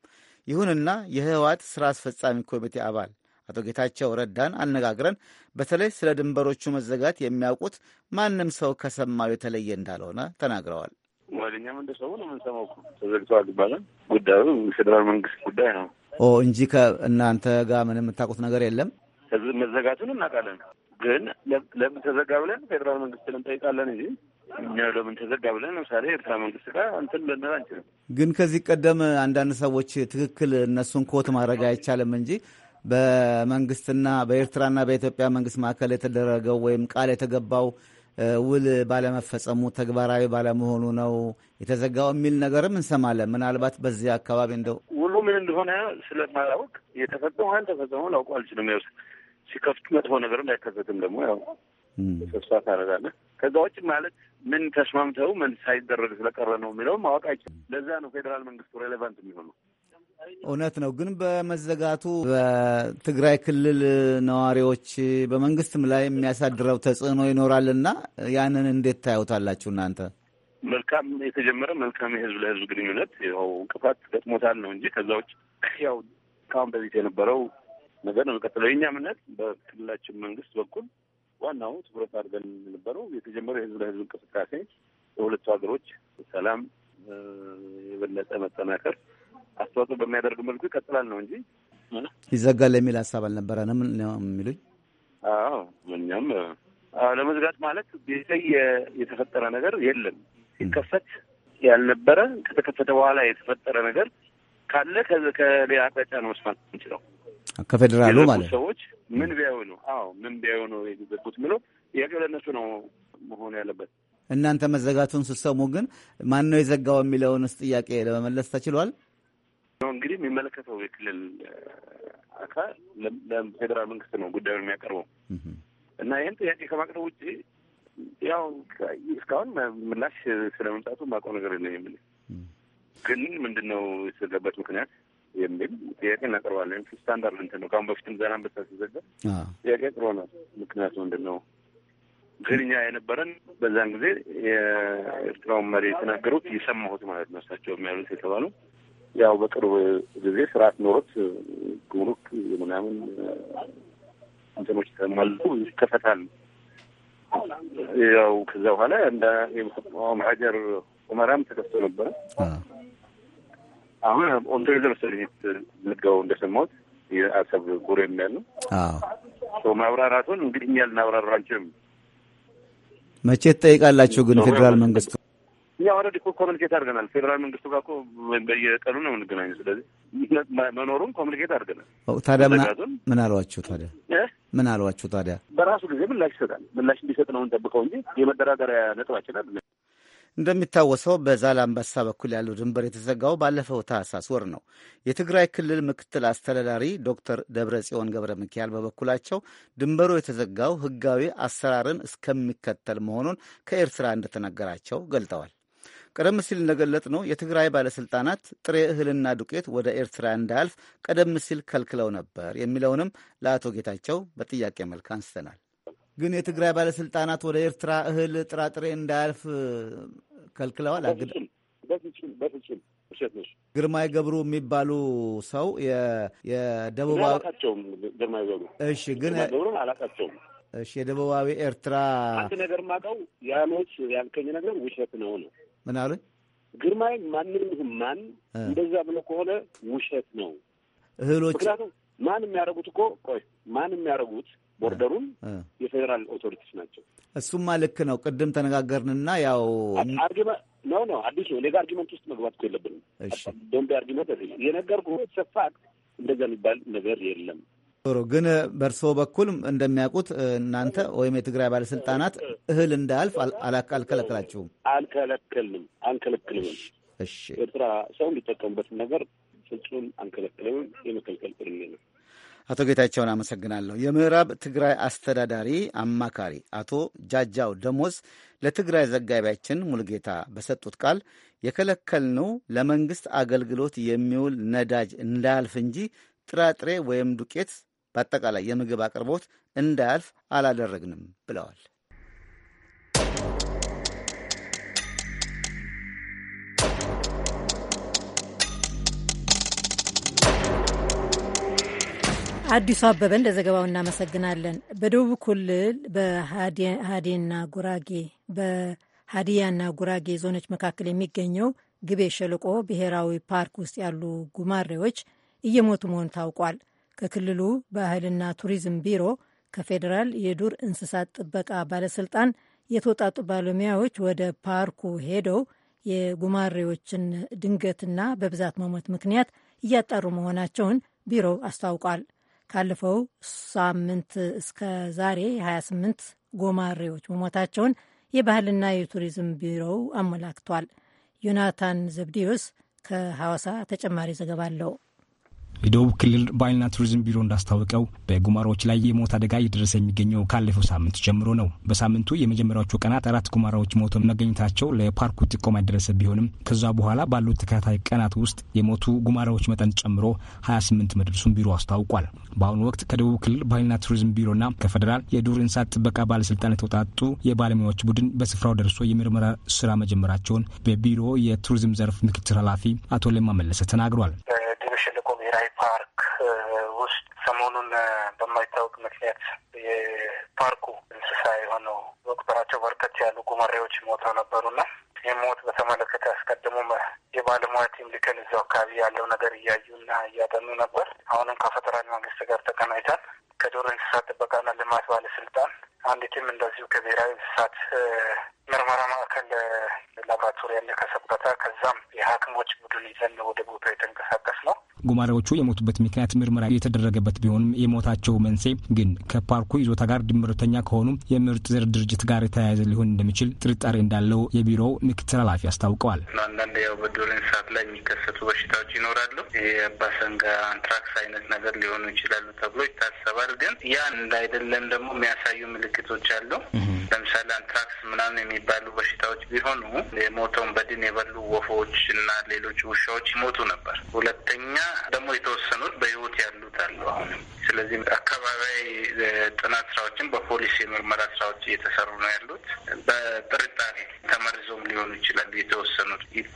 ይሁንና የህወሓት ስራ አስፈጻሚ ኮሚቴ አባል አቶ ጌታቸው ረዳን አነጋግረን በተለይ ስለ ድንበሮቹ መዘጋት የሚያውቁት ማንም ሰው ከሰማው የተለየ እንዳልሆነ ተናግረዋል። ወደኛም እንደ ሰው ነው የምንሰማው። ተዘግተዋል ይባላል። ጉዳዩ ፌዴራል መንግስት ጉዳይ ነው እንጂ ከእናንተ ጋር ምን የምታውቁት ነገር የለም። መዘጋቱን እናውቃለን፣ ግን ለምን ተዘጋ ብለን ፌዴራል መንግስት እንጠይቃለን እንጂ እኛ ለምን ተዘጋ ብለን ለምሳሌ ኤርትራ መንግስት ጋር እንትን ልንል አንችልም። ግን ከዚህ ቀደም አንዳንድ ሰዎች ትክክል እነሱን ኮት ማድረግ አይቻልም እንጂ በመንግስትና በኤርትራና በኢትዮጵያ መንግስት መካከል የተደረገው ወይም ቃል የተገባው ውል ባለመፈጸሙ ተግባራዊ ባለመሆኑ ነው የተዘጋው የሚል ነገርም እንሰማለን። ምናልባት በዚህ አካባቢ እንደው ውሉ ምን እንደሆነ ስለማላወቅ የተፈጸመ ተፈጸመ ላውቀው አልችልም። ያው ሲከፍቱ መጥፎ ነገርም አይከሰትም ደግሞ ያው ተስፋ ታደርጋለህ። ከዛ ውጭ ማለት ምን ተስማምተው ምን ሳይደረግ ስለቀረ ነው የሚለው ማወቅ አይችልም። ለዛ ነው ፌዴራል መንግስቱ ሬሌቫንት የሚሆነው። እውነት ነው። ግን በመዘጋቱ በትግራይ ክልል ነዋሪዎች በመንግስትም ላይ የሚያሳድረው ተጽዕኖ ይኖራልና ያንን እንዴት ታዩታላችሁ እናንተ? መልካም የተጀመረ መልካም የህዝብ ለህዝብ ግንኙነት ያው እንቅፋት ገጥሞታል ነው እንጂ ከዛ ውጭ ያው ካሁን በፊት የነበረው ነገር ነው የሚቀጥለው። የእኛም እምነት በክልላችን መንግስት በኩል ዋናው ትኩረት አድርገን የነበረው የተጀመረው የህዝብ ለህዝብ እንቅስቃሴ የሁለቱ ሀገሮች ሰላም የበለጠ መጠናከር አስተዋጽኦ በሚያደርግ መልኩ ይቀጥላል ነው እንጂ ይዘጋል የሚል ሀሳብ አልነበረንም የሚሉኝ። አዎ እኛም ለመዝጋት ማለት ቤተይ የተፈጠረ ነገር የለም። ሲከፈት ያልነበረ ከተከፈተ በኋላ የተፈጠረ ነገር ካለ ከሌላ አቅጣጫ ነው መስማት እንችለው ከፌዴራሉ ማለት ሰዎች ምን ቢያዩ ነው? አዎ ምን ቢያዩ ነው የዘጉት ምለው ጥያቄ ለእነሱ ነው መሆን ያለበት። እናንተ መዘጋቱን ስትሰሙ ግን ማን ነው የዘጋው የሚለውንስ ጥያቄ ለመመለስ ተችሏል? እንግዲህ የሚመለከተው የክልል አካል ለፌዴራል መንግስት ነው ጉዳዩን የሚያቀርበው እና ይህን ጥያቄ ከማቅረብ ውጭ ያው እስካሁን ምላሽ ስለመምጣቱ ማቀው ነገር የለኝም። ግን ምንድን ነው የተዘጋበት ምክንያት የሚል ጥያቄ እናቀርባለን። ስታንዳርድ እንትን ነው። ከአሁን በፊትም ዘና አንበሳ ሲዘጋ ጥያቄ ነው። ምክንያቱ ምንድን ነው? ግን እኛ የነበረን በዛን ጊዜ የኤርትራውን መሪ የተናገሩት የሰማሁት ማለት ነው። እሳቸው የሚያሉት የተባሉ ያው በቅርብ ጊዜ ስርዓት ኖሮት ጉምሩክ ምናምን እንትኖች ተሟሉ ይከፈታል። ያው ከዛ በኋላ እንደ ሀጀር ኡመራም ተከፍቶ ነበረ አሁን ኦንቶሪ ለመሰለኝ ምትዘጋው እንደሰማሁት የአሰብ ጉር የሚያል ነው። ማብራራቱን እንግዲህ እኛ ልናብራራ አንችልም። መቼ ትጠይቃላችሁ ግን ፌዴራል መንግስቱ? እኛ ኦልሬዲ እኮ ኮሚኒኬት አድርገናል። ፌዴራል መንግስቱ ጋር እኮ በየቀኑ ነው የምንገናኘው። ስለዚህ መኖሩን ኮሚኒኬት አድርገናል። ታዲያ ምን አሏችሁ? ታዲያ ምን አሏችሁ? ታዲያ በራሱ ጊዜ ምላሽ ይሰጣል። ምላሽ እንዲሰጥ ነው እንጠብቀው እንጂ የመደራደሪያ ነጥባችን አይደለም። እንደሚታወሰው በዛላምባሳ በኩል ያለው ድንበር የተዘጋው ባለፈው ታህሳስ ወር ነው። የትግራይ ክልል ምክትል አስተዳዳሪ ዶክተር ጽዮን ገብረ ሚካኤል በበኩላቸው ድንበሩ የተዘጋው ሕጋዊ አሰራርን እስከሚከተል መሆኑን ከኤርትራ እንደተነገራቸው ገልጠዋል። ቀደም ሲል እንደገለጥ ነው የትግራይ ባለሥልጣናት ጥሬ እህልና ዱቄት ወደ ኤርትራ እንዳያልፍ ቀደም ሲል ከልክለው ነበር የሚለውንም ለአቶ ጌታቸው በጥያቄ መልክ አንስተናል። ግን የትግራይ ባለስልጣናት ወደ ኤርትራ እህል ጥራጥሬ እንዳያልፍ ከልክለዋል? በፍጹም በፍጹም ውሸት ነሽ። ግርማይ ገብሩ የሚባሉ ሰው የደቡባዊ አላቃቸውም። ግርማይ ገብሩ እሺ፣ ግን ገብሩን አላቃቸውም። እሺ፣ የደቡባዊ ኤርትራ አንድ ነገር ማቀው ያኖች ያልከኝ ነገር ውሸት ነው ነው ምን አሉኝ? ግርማይ ማንም ይሁን ማን እንደዛ ብሎ ከሆነ ውሸት ነው። እህሎች ምክንያቱም ማን የሚያደርጉት እኮ ቆይ ማን የሚያደርጉት ቦርደሩን የፌዴራል ኦቶሪቲስ ናቸው። እሱማ ልክ ነው። ቅድም ተነጋገርንና ያው ነው ነው አዲሱ ነው። ሌላ አርጊመንት ውስጥ መግባት እኮ የለብንም። ዶንቤ አርጊመንት የነገርኩህ ሰፋ እንደዛ የሚባል ነገር የለም። ጥሩ ግን በእርስዎ በኩል እንደሚያውቁት እናንተ ወይም የትግራይ ባለስልጣናት እህል እንዳያልፍ አልከለከላችሁም? አልከለከልንም፣ አንከለክልም። እሺ ኤርትራ ሰው እንዲጠቀሙበትን ነገር ፍጹም አንከለክልም። የመከልከል ጥርኔ ነው። አቶ ጌታቸውን አመሰግናለሁ። የምዕራብ ትግራይ አስተዳዳሪ አማካሪ አቶ ጃጃው ደሞዝ ለትግራይ ዘጋቢያችን ሙልጌታ በሰጡት ቃል የከለከልነው ለመንግስት አገልግሎት የሚውል ነዳጅ እንዳያልፍ እንጂ ጥራጥሬ ወይም ዱቄት፣ በአጠቃላይ የምግብ አቅርቦት እንዳያልፍ አላደረግንም ብለዋል። አዲሱ አበበን ለዘገባው እናመሰግናለን። በደቡብ ክልል በሀዲያና ጉራጌ በሀዲያና ጉራጌ ዞኖች መካከል የሚገኘው ግቤ ሸለቆ ብሔራዊ ፓርክ ውስጥ ያሉ ጉማሬዎች እየሞቱ መሆኑ ታውቋል። ከክልሉ ባህልና ቱሪዝም ቢሮ፣ ከፌዴራል የዱር እንስሳት ጥበቃ ባለስልጣን የተውጣጡ ባለሙያዎች ወደ ፓርኩ ሄደው የጉማሬዎችን ድንገትና በብዛት መሞት ምክንያት እያጣሩ መሆናቸውን ቢሮው አስታውቋል። ካለፈው ሳምንት እስከ ዛሬ የ28 ጎማሬዎች መሞታቸውን የባህልና የቱሪዝም ቢሮው አመላክቷል። ዮናታን ዘብዲዮስ ከሐዋሳ ተጨማሪ ዘገባ አለው። የደቡብ ክልል ባህልና ቱሪዝም ቢሮ እንዳስታወቀው በጉማራዎች ላይ የሞት አደጋ እየደረሰ የሚገኘው ካለፈው ሳምንት ጀምሮ ነው። በሳምንቱ የመጀመሪያዎቹ ቀናት አራት ጉማራዎች ሞቶ መገኘታቸው ለፓርኩ ጥቆማ የደረሰ ቢሆንም ከዛ በኋላ ባሉት ተከታታይ ቀናት ውስጥ የሞቱ ጉማራዎች መጠን ጨምሮ 28 መድረሱን ቢሮ አስታውቋል። በአሁኑ ወቅት ከደቡብ ክልል ባህልና ቱሪዝም ቢሮና ከፌዴራል የዱር እንስሳት ጥበቃ ባለስልጣን የተውጣጡ የባለሙያዎች ቡድን በስፍራው ደርሶ የምርመራ ስራ መጀመራቸውን በቢሮ የቱሪዝም ዘርፍ ምክትል ኃላፊ አቶ ለማ መለሰ ተናግሯል። ብሔራዊ ፓርክ ውስጥ ሰሞኑን በማይታወቅ ምክንያት የፓርኩ እንስሳ የሆነው ቁጥራቸው በርከት ያሉ ጉማሬዎች ሞተው ነበሩና ሞት በተመለከተ አስቀድሞ የባለሙያ ቲም ልከን አካባቢ ያለው ነገር እያዩና እያጠኑ ነበር። አሁንም ከፌደራል መንግስት ጋር ተቀናይታል። ከዱር እንስሳት ጥበቃና ልማት ባለስልጣን አንድ ቲም እንደዚሁ ከብሔራዊ እንስሳት ምርመራ ማዕከል ላብራቶሪ ያለ ከሰበታ ከዛም የሐኪሞች ቡድን ይዘን ወደ ቦታ የተንቀሳቀስ ነው። ጉማሬዎቹ የሞቱበት ምክንያት ምርመራ የተደረገበት ቢሆንም የሞታቸው መንስኤ ግን ከፓርኩ ይዞታ ጋር ድምርተኛ ከሆኑ የምርጥ ዘር ድርጅት ጋር የተያያዘ ሊሆን እንደሚችል ጥርጣሬ እንዳለው የቢሮው ምክትል ኃላፊ አስታውቀዋል። አንዳንድ ያው በዱር እንስሳት ላይ የሚከሰቱ በሽታዎች ይኖራሉ። የአባሰንጋ አንትራክስ አይነት ነገር ሊሆኑ ይችላሉ ተብሎ ይታሰባል። ግን ያ እንዳይደለም ደግሞ የሚያሳዩ ምልክቶች አሉ። ለምሳሌ አንትራክስ ምናምን የሚባሉ በሽታዎች ቢሆኑ የሞተውን በድን የበሉ ወፎች እና ሌሎች ውሻዎች ይሞቱ ነበር። ሁለተኛ ደግሞ የተወሰኑት በህይወት ያሉት አሉ አሁንም። ስለዚህ አካባቢያዊ ጥናት ስራዎችን በፖሊስ የምርመራ ስራዎች እየተሰሩ ነው ያሉት። በጥርጣሬ ተመርዞም ሊሆኑ ይችላሉ የተወሰኑት ኢፖ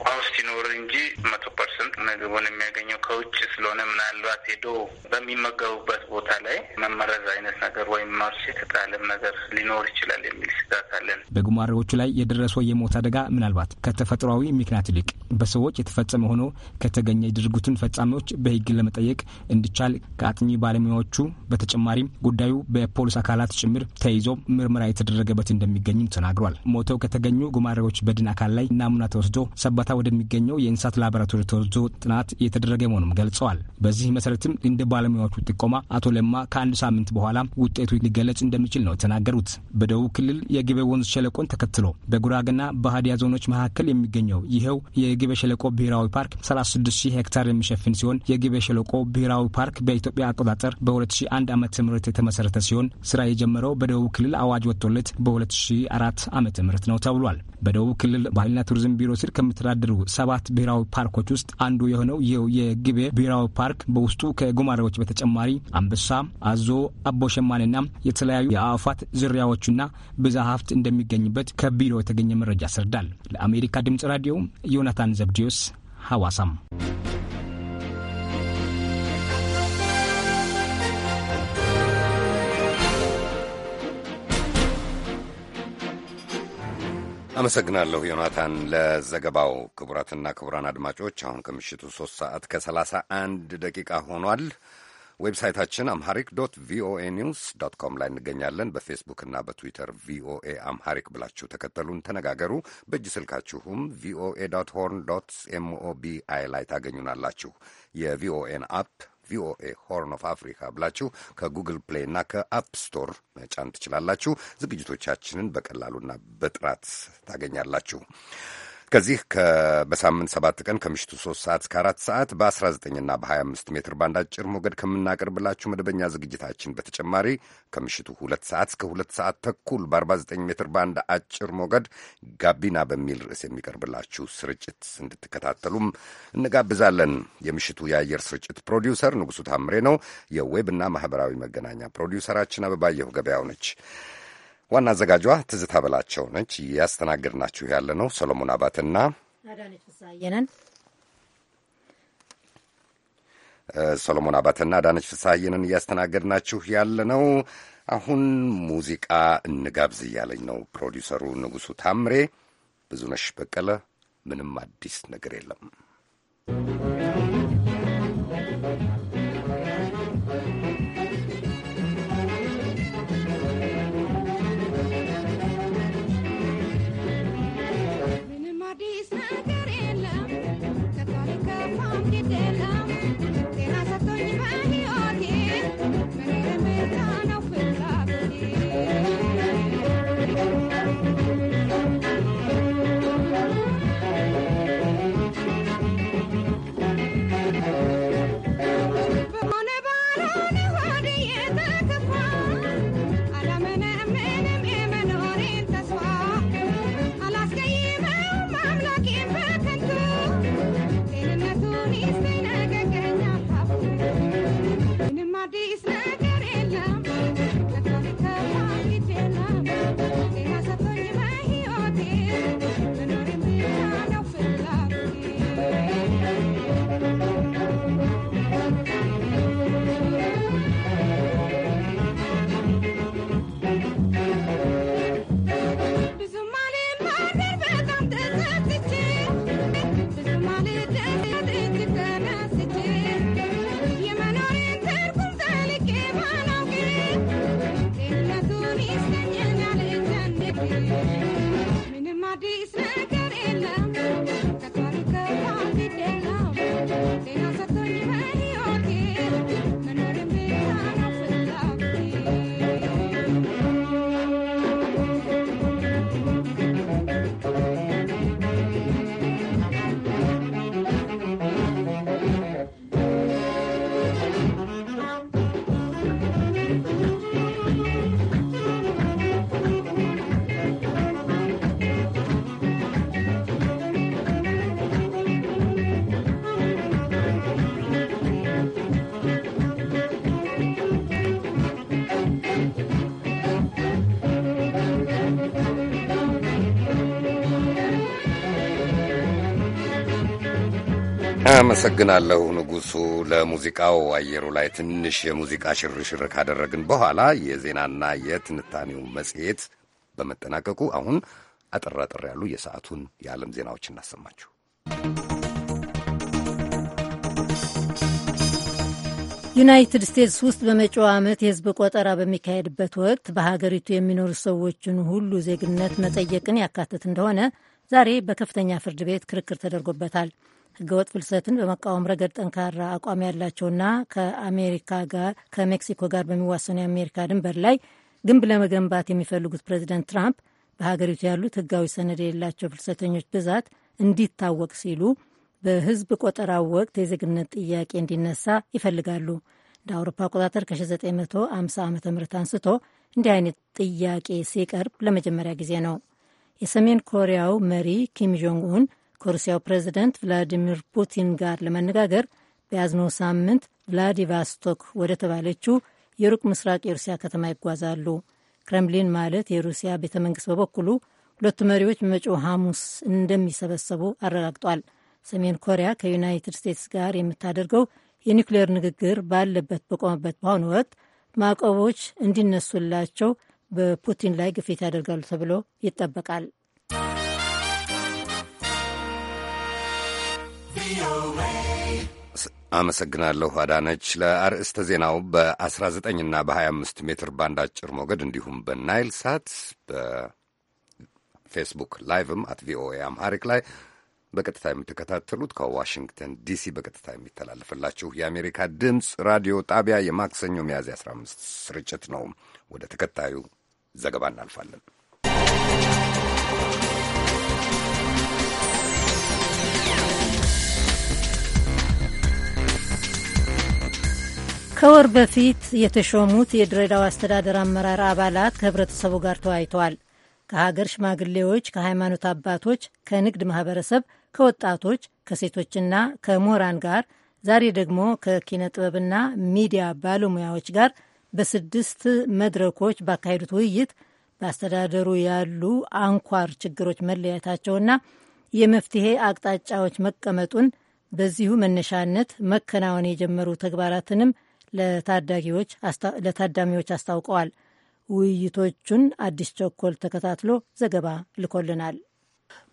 ውሃ ውስጥ ይኖር እንጂ መቶ ፐርሰንት ምግቡን የሚያገኘው ከውጭ ስለሆነ ምናልባት ሄዶ በሚመገቡበት ቦታ ላይ መመረዝ አይነት ነገር ወይም መርስ የተጣለም ነገር ሊኖር ይችላል የሚል ስጋት አለን። በጉማሬዎቹ ላይ የደረሰው የሞት አደጋ ምናልባት ከተፈጥሯዊ ምክንያት ይልቅ በሰዎች የተፈጸመ ሆኖ ከተገኘ የድርጊቱን ፈጻሚዎች በሕግ ለመጠየቅ እንዲቻል ከአጥኚ ባለሙያዎቹ በተጨማሪም ጉዳዩ በፖሊስ አካላት ጭምር ተይዞ ምርመራ የተደረገበት እንደሚገኝም ተናግሯል። ሞተው ከተገኙ ጉማሬዎች በድን አካል ላይ ናሙና ተወስዶ ሰባታ ወደሚገኘው የእንስሳት ላቦራቶሪ ተወስዶ ጥናት የተደረገ መሆኑም ገልጸዋል። በዚህ መሰረትም እንደ ባለሙያዎቹ ጥቆማ አቶ ለማ ከአንድ ሳምንት በኋላ ውጤቱ ሊገለጽ እንደሚችል ነው የተናገሩት። በደቡብ ክልል የግቤ ወንዝ ሸለቆን ተከትሎ በጉራግና በሃዲያ ዞኖች መካከል የሚገኘው ይኸው የግቤ ሸለቆ ብሔራዊ ፓርክ 360 ሄክታር የሚሸፍን ሲሆን የግቤ ሸለቆ ብሔራዊ ፓርክ በኢትዮጵያ አቆጣጠር በ2001 ዓ ም የተመሰረተ ሲሆን ስራ የጀመረው በደቡብ ክልል አዋጅ ወጥቶለት በ2004 ዓ ም ነው ተብሏል። በደቡብ ክልል ባህልና ቱሪዝም ቢሮ ስር ከሚተዳደሩ ሰባት ብሔራዊ ፓርኮች ውስጥ አንዱ የሆነው ይኸው የግቤ ብሔራዊ ፓርክ በውስጡ ከጉማሬዎች በተጨማሪ አንበሳ፣ አዞ፣ አቦ ሸማኔና የተለያዩ የአዕዋፋት ዝርያዎችን ጥበብና ብዛ ሀብት እንደሚገኝበት ከቢሮ የተገኘ መረጃ ያስረዳል። ለአሜሪካ ድምጽ ራዲዮ ዮናታን ዘብዲዮስ ሐዋሳም አመሰግናለሁ ዮናታን ለዘገባው። ክቡራትና ክቡራን አድማጮች አሁን ከምሽቱ ሶስት ሰዓት ከሰላሳ አንድ ደቂቃ ሆኗል። ዌብሳይታችን አምሃሪክ ዶት ቪኦኤ ኒውስ ዶት ኮም ላይ እንገኛለን። በፌስቡክና በትዊተር ቪኦኤ አምሃሪክ ብላችሁ ተከተሉን፣ ተነጋገሩ። በእጅ ስልካችሁም ቪኦኤ ዶት ሆርን ዶት ኤምኦቢአይ ላይ ታገኙናላችሁ። የቪኦኤን አፕ ቪኦኤ ሆርን ኦፍ አፍሪካ ብላችሁ ከጉግል ፕሌይ እና ከአፕ ስቶር መጫን ትችላላችሁ። ዝግጅቶቻችንን በቀላሉና በጥራት ታገኛላችሁ። ከዚህ በሳምንት ሰባት ቀን ከምሽቱ ሶስት ሰዓት እስከ አራት ሰዓት በ19ና በ25 ሜትር ባንድ አጭር ሞገድ ከምናቀርብላችሁ መደበኛ ዝግጅታችን በተጨማሪ ከምሽቱ ሁለት ሰዓት እስከ ሁለት ሰዓት ተኩል በ49 ሜትር ባንድ አጭር ሞገድ ጋቢና በሚል ርዕስ የሚቀርብላችሁ ስርጭት እንድትከታተሉም እንጋብዛለን። የምሽቱ የአየር ስርጭት ፕሮዲውሰር ንጉሱ ታምሬ ነው። የዌብና ማህበራዊ መገናኛ ፕሮዲውሰራችን አበባየሁ ገበያው ነች። ዋና አዘጋጇ ትዝታ በላቸው ነች። እያስተናገድናችሁ ያለ ነው ሰሎሞን አባትና አዳነች ሰሎሞን አባትና አዳነች ፍስሐየንን እያስተናገድናችሁ ያለ ነው። አሁን ሙዚቃ እንጋብዝ እያለኝ ነው ፕሮዲውሰሩ ንጉሡ ታምሬ። ብዙነሽ በቀለ ምንም አዲስ ነገር የለም። አመሰግናለሁ ንጉሡ ለሙዚቃው። አየሩ ላይ ትንሽ የሙዚቃ ሽርሽር ካደረግን በኋላ የዜናና የትንታኔው መጽሔት በመጠናቀቁ አሁን አጠር አጠር ያሉ የሰዓቱን የዓለም ዜናዎች እናሰማችሁ። ዩናይትድ ስቴትስ ውስጥ በመጪው ዓመት የሕዝብ ቆጠራ በሚካሄድበት ወቅት በሀገሪቱ የሚኖሩ ሰዎችን ሁሉ ዜግነት መጠየቅን ያካትት እንደሆነ ዛሬ በከፍተኛ ፍርድ ቤት ክርክር ተደርጎበታል። ህገወጥ ፍልሰትን በመቃወም ረገድ ጠንካራ አቋም ያላቸውና ከአሜሪካ ጋር ከሜክሲኮ ጋር በሚዋሰኑ የአሜሪካ ድንበር ላይ ግንብ ለመገንባት የሚፈልጉት ፕሬዚደንት ትራምፕ በሀገሪቱ ያሉት ህጋዊ ሰነድ የሌላቸው ፍልሰተኞች ብዛት እንዲታወቅ ሲሉ በህዝብ ቆጠራው ወቅት የዜግነት ጥያቄ እንዲነሳ ይፈልጋሉ። እንደ አውሮፓ አቆጣጠር ከ1950 ዓ ም አንስቶ እንዲህ አይነት ጥያቄ ሲቀርብ ለመጀመሪያ ጊዜ ነው። የሰሜን ኮሪያው መሪ ኪም ጆንግ ኡን ከሩሲያው ፕሬዝደንት ቭላዲሚር ፑቲን ጋር ለመነጋገር በያዝነው ሳምንት ቭላዲቫስቶክ ወደ ተባለችው የሩቅ ምስራቅ የሩሲያ ከተማ ይጓዛሉ። ክረምሊን ማለት የሩሲያ ቤተ መንግስት በበኩሉ ሁለቱ መሪዎች በመጪው ሐሙስ እንደሚሰበሰቡ አረጋግጧል። ሰሜን ኮሪያ ከዩናይትድ ስቴትስ ጋር የምታደርገው የኒውክሌር ንግግር ባለበት በቆመበት በአሁኑ ወቅት ማዕቀቦች እንዲነሱላቸው በፑቲን ላይ ግፊት ያደርጋሉ ተብሎ ይጠበቃል። አመሰግናለሁ አዳነች። ለአርዕስተ ዜናው በ19ና በ25 ሜትር ባንድ አጭር ሞገድ እንዲሁም በናይል ሳት በፌስቡክ ላይቭም አት ቪኦኤ አምሃሪክ ላይ በቀጥታ የምትከታተሉት ከዋሽንግተን ዲሲ በቀጥታ የሚተላለፍላችሁ የአሜሪካ ድምፅ ራዲዮ ጣቢያ የማክሰኞ ሚያዝያ 15 ስርጭት ነው። ወደ ተከታዩ ዘገባ እናልፋለን። ከወር በፊት የተሾሙት የድሬዳዋ አስተዳደር አመራር አባላት ከህብረተሰቡ ጋር ተወያይተዋል። ከሀገር ሽማግሌዎች፣ ከሃይማኖት አባቶች፣ ከንግድ ማህበረሰብ፣ ከወጣቶች፣ ከሴቶችና ከምሁራን ጋር ዛሬ ደግሞ ከኪነ ጥበብና ሚዲያ ባለሙያዎች ጋር በስድስት መድረኮች ባካሄዱት ውይይት በአስተዳደሩ ያሉ አንኳር ችግሮች መለያየታቸውና የመፍትሄ አቅጣጫዎች መቀመጡን በዚሁ መነሻነት መከናወን የጀመሩ ተግባራትንም ለታዳሚዎች አስታውቀዋል። ውይይቶቹን አዲስ ቸኮል ተከታትሎ ዘገባ ልኮልናል።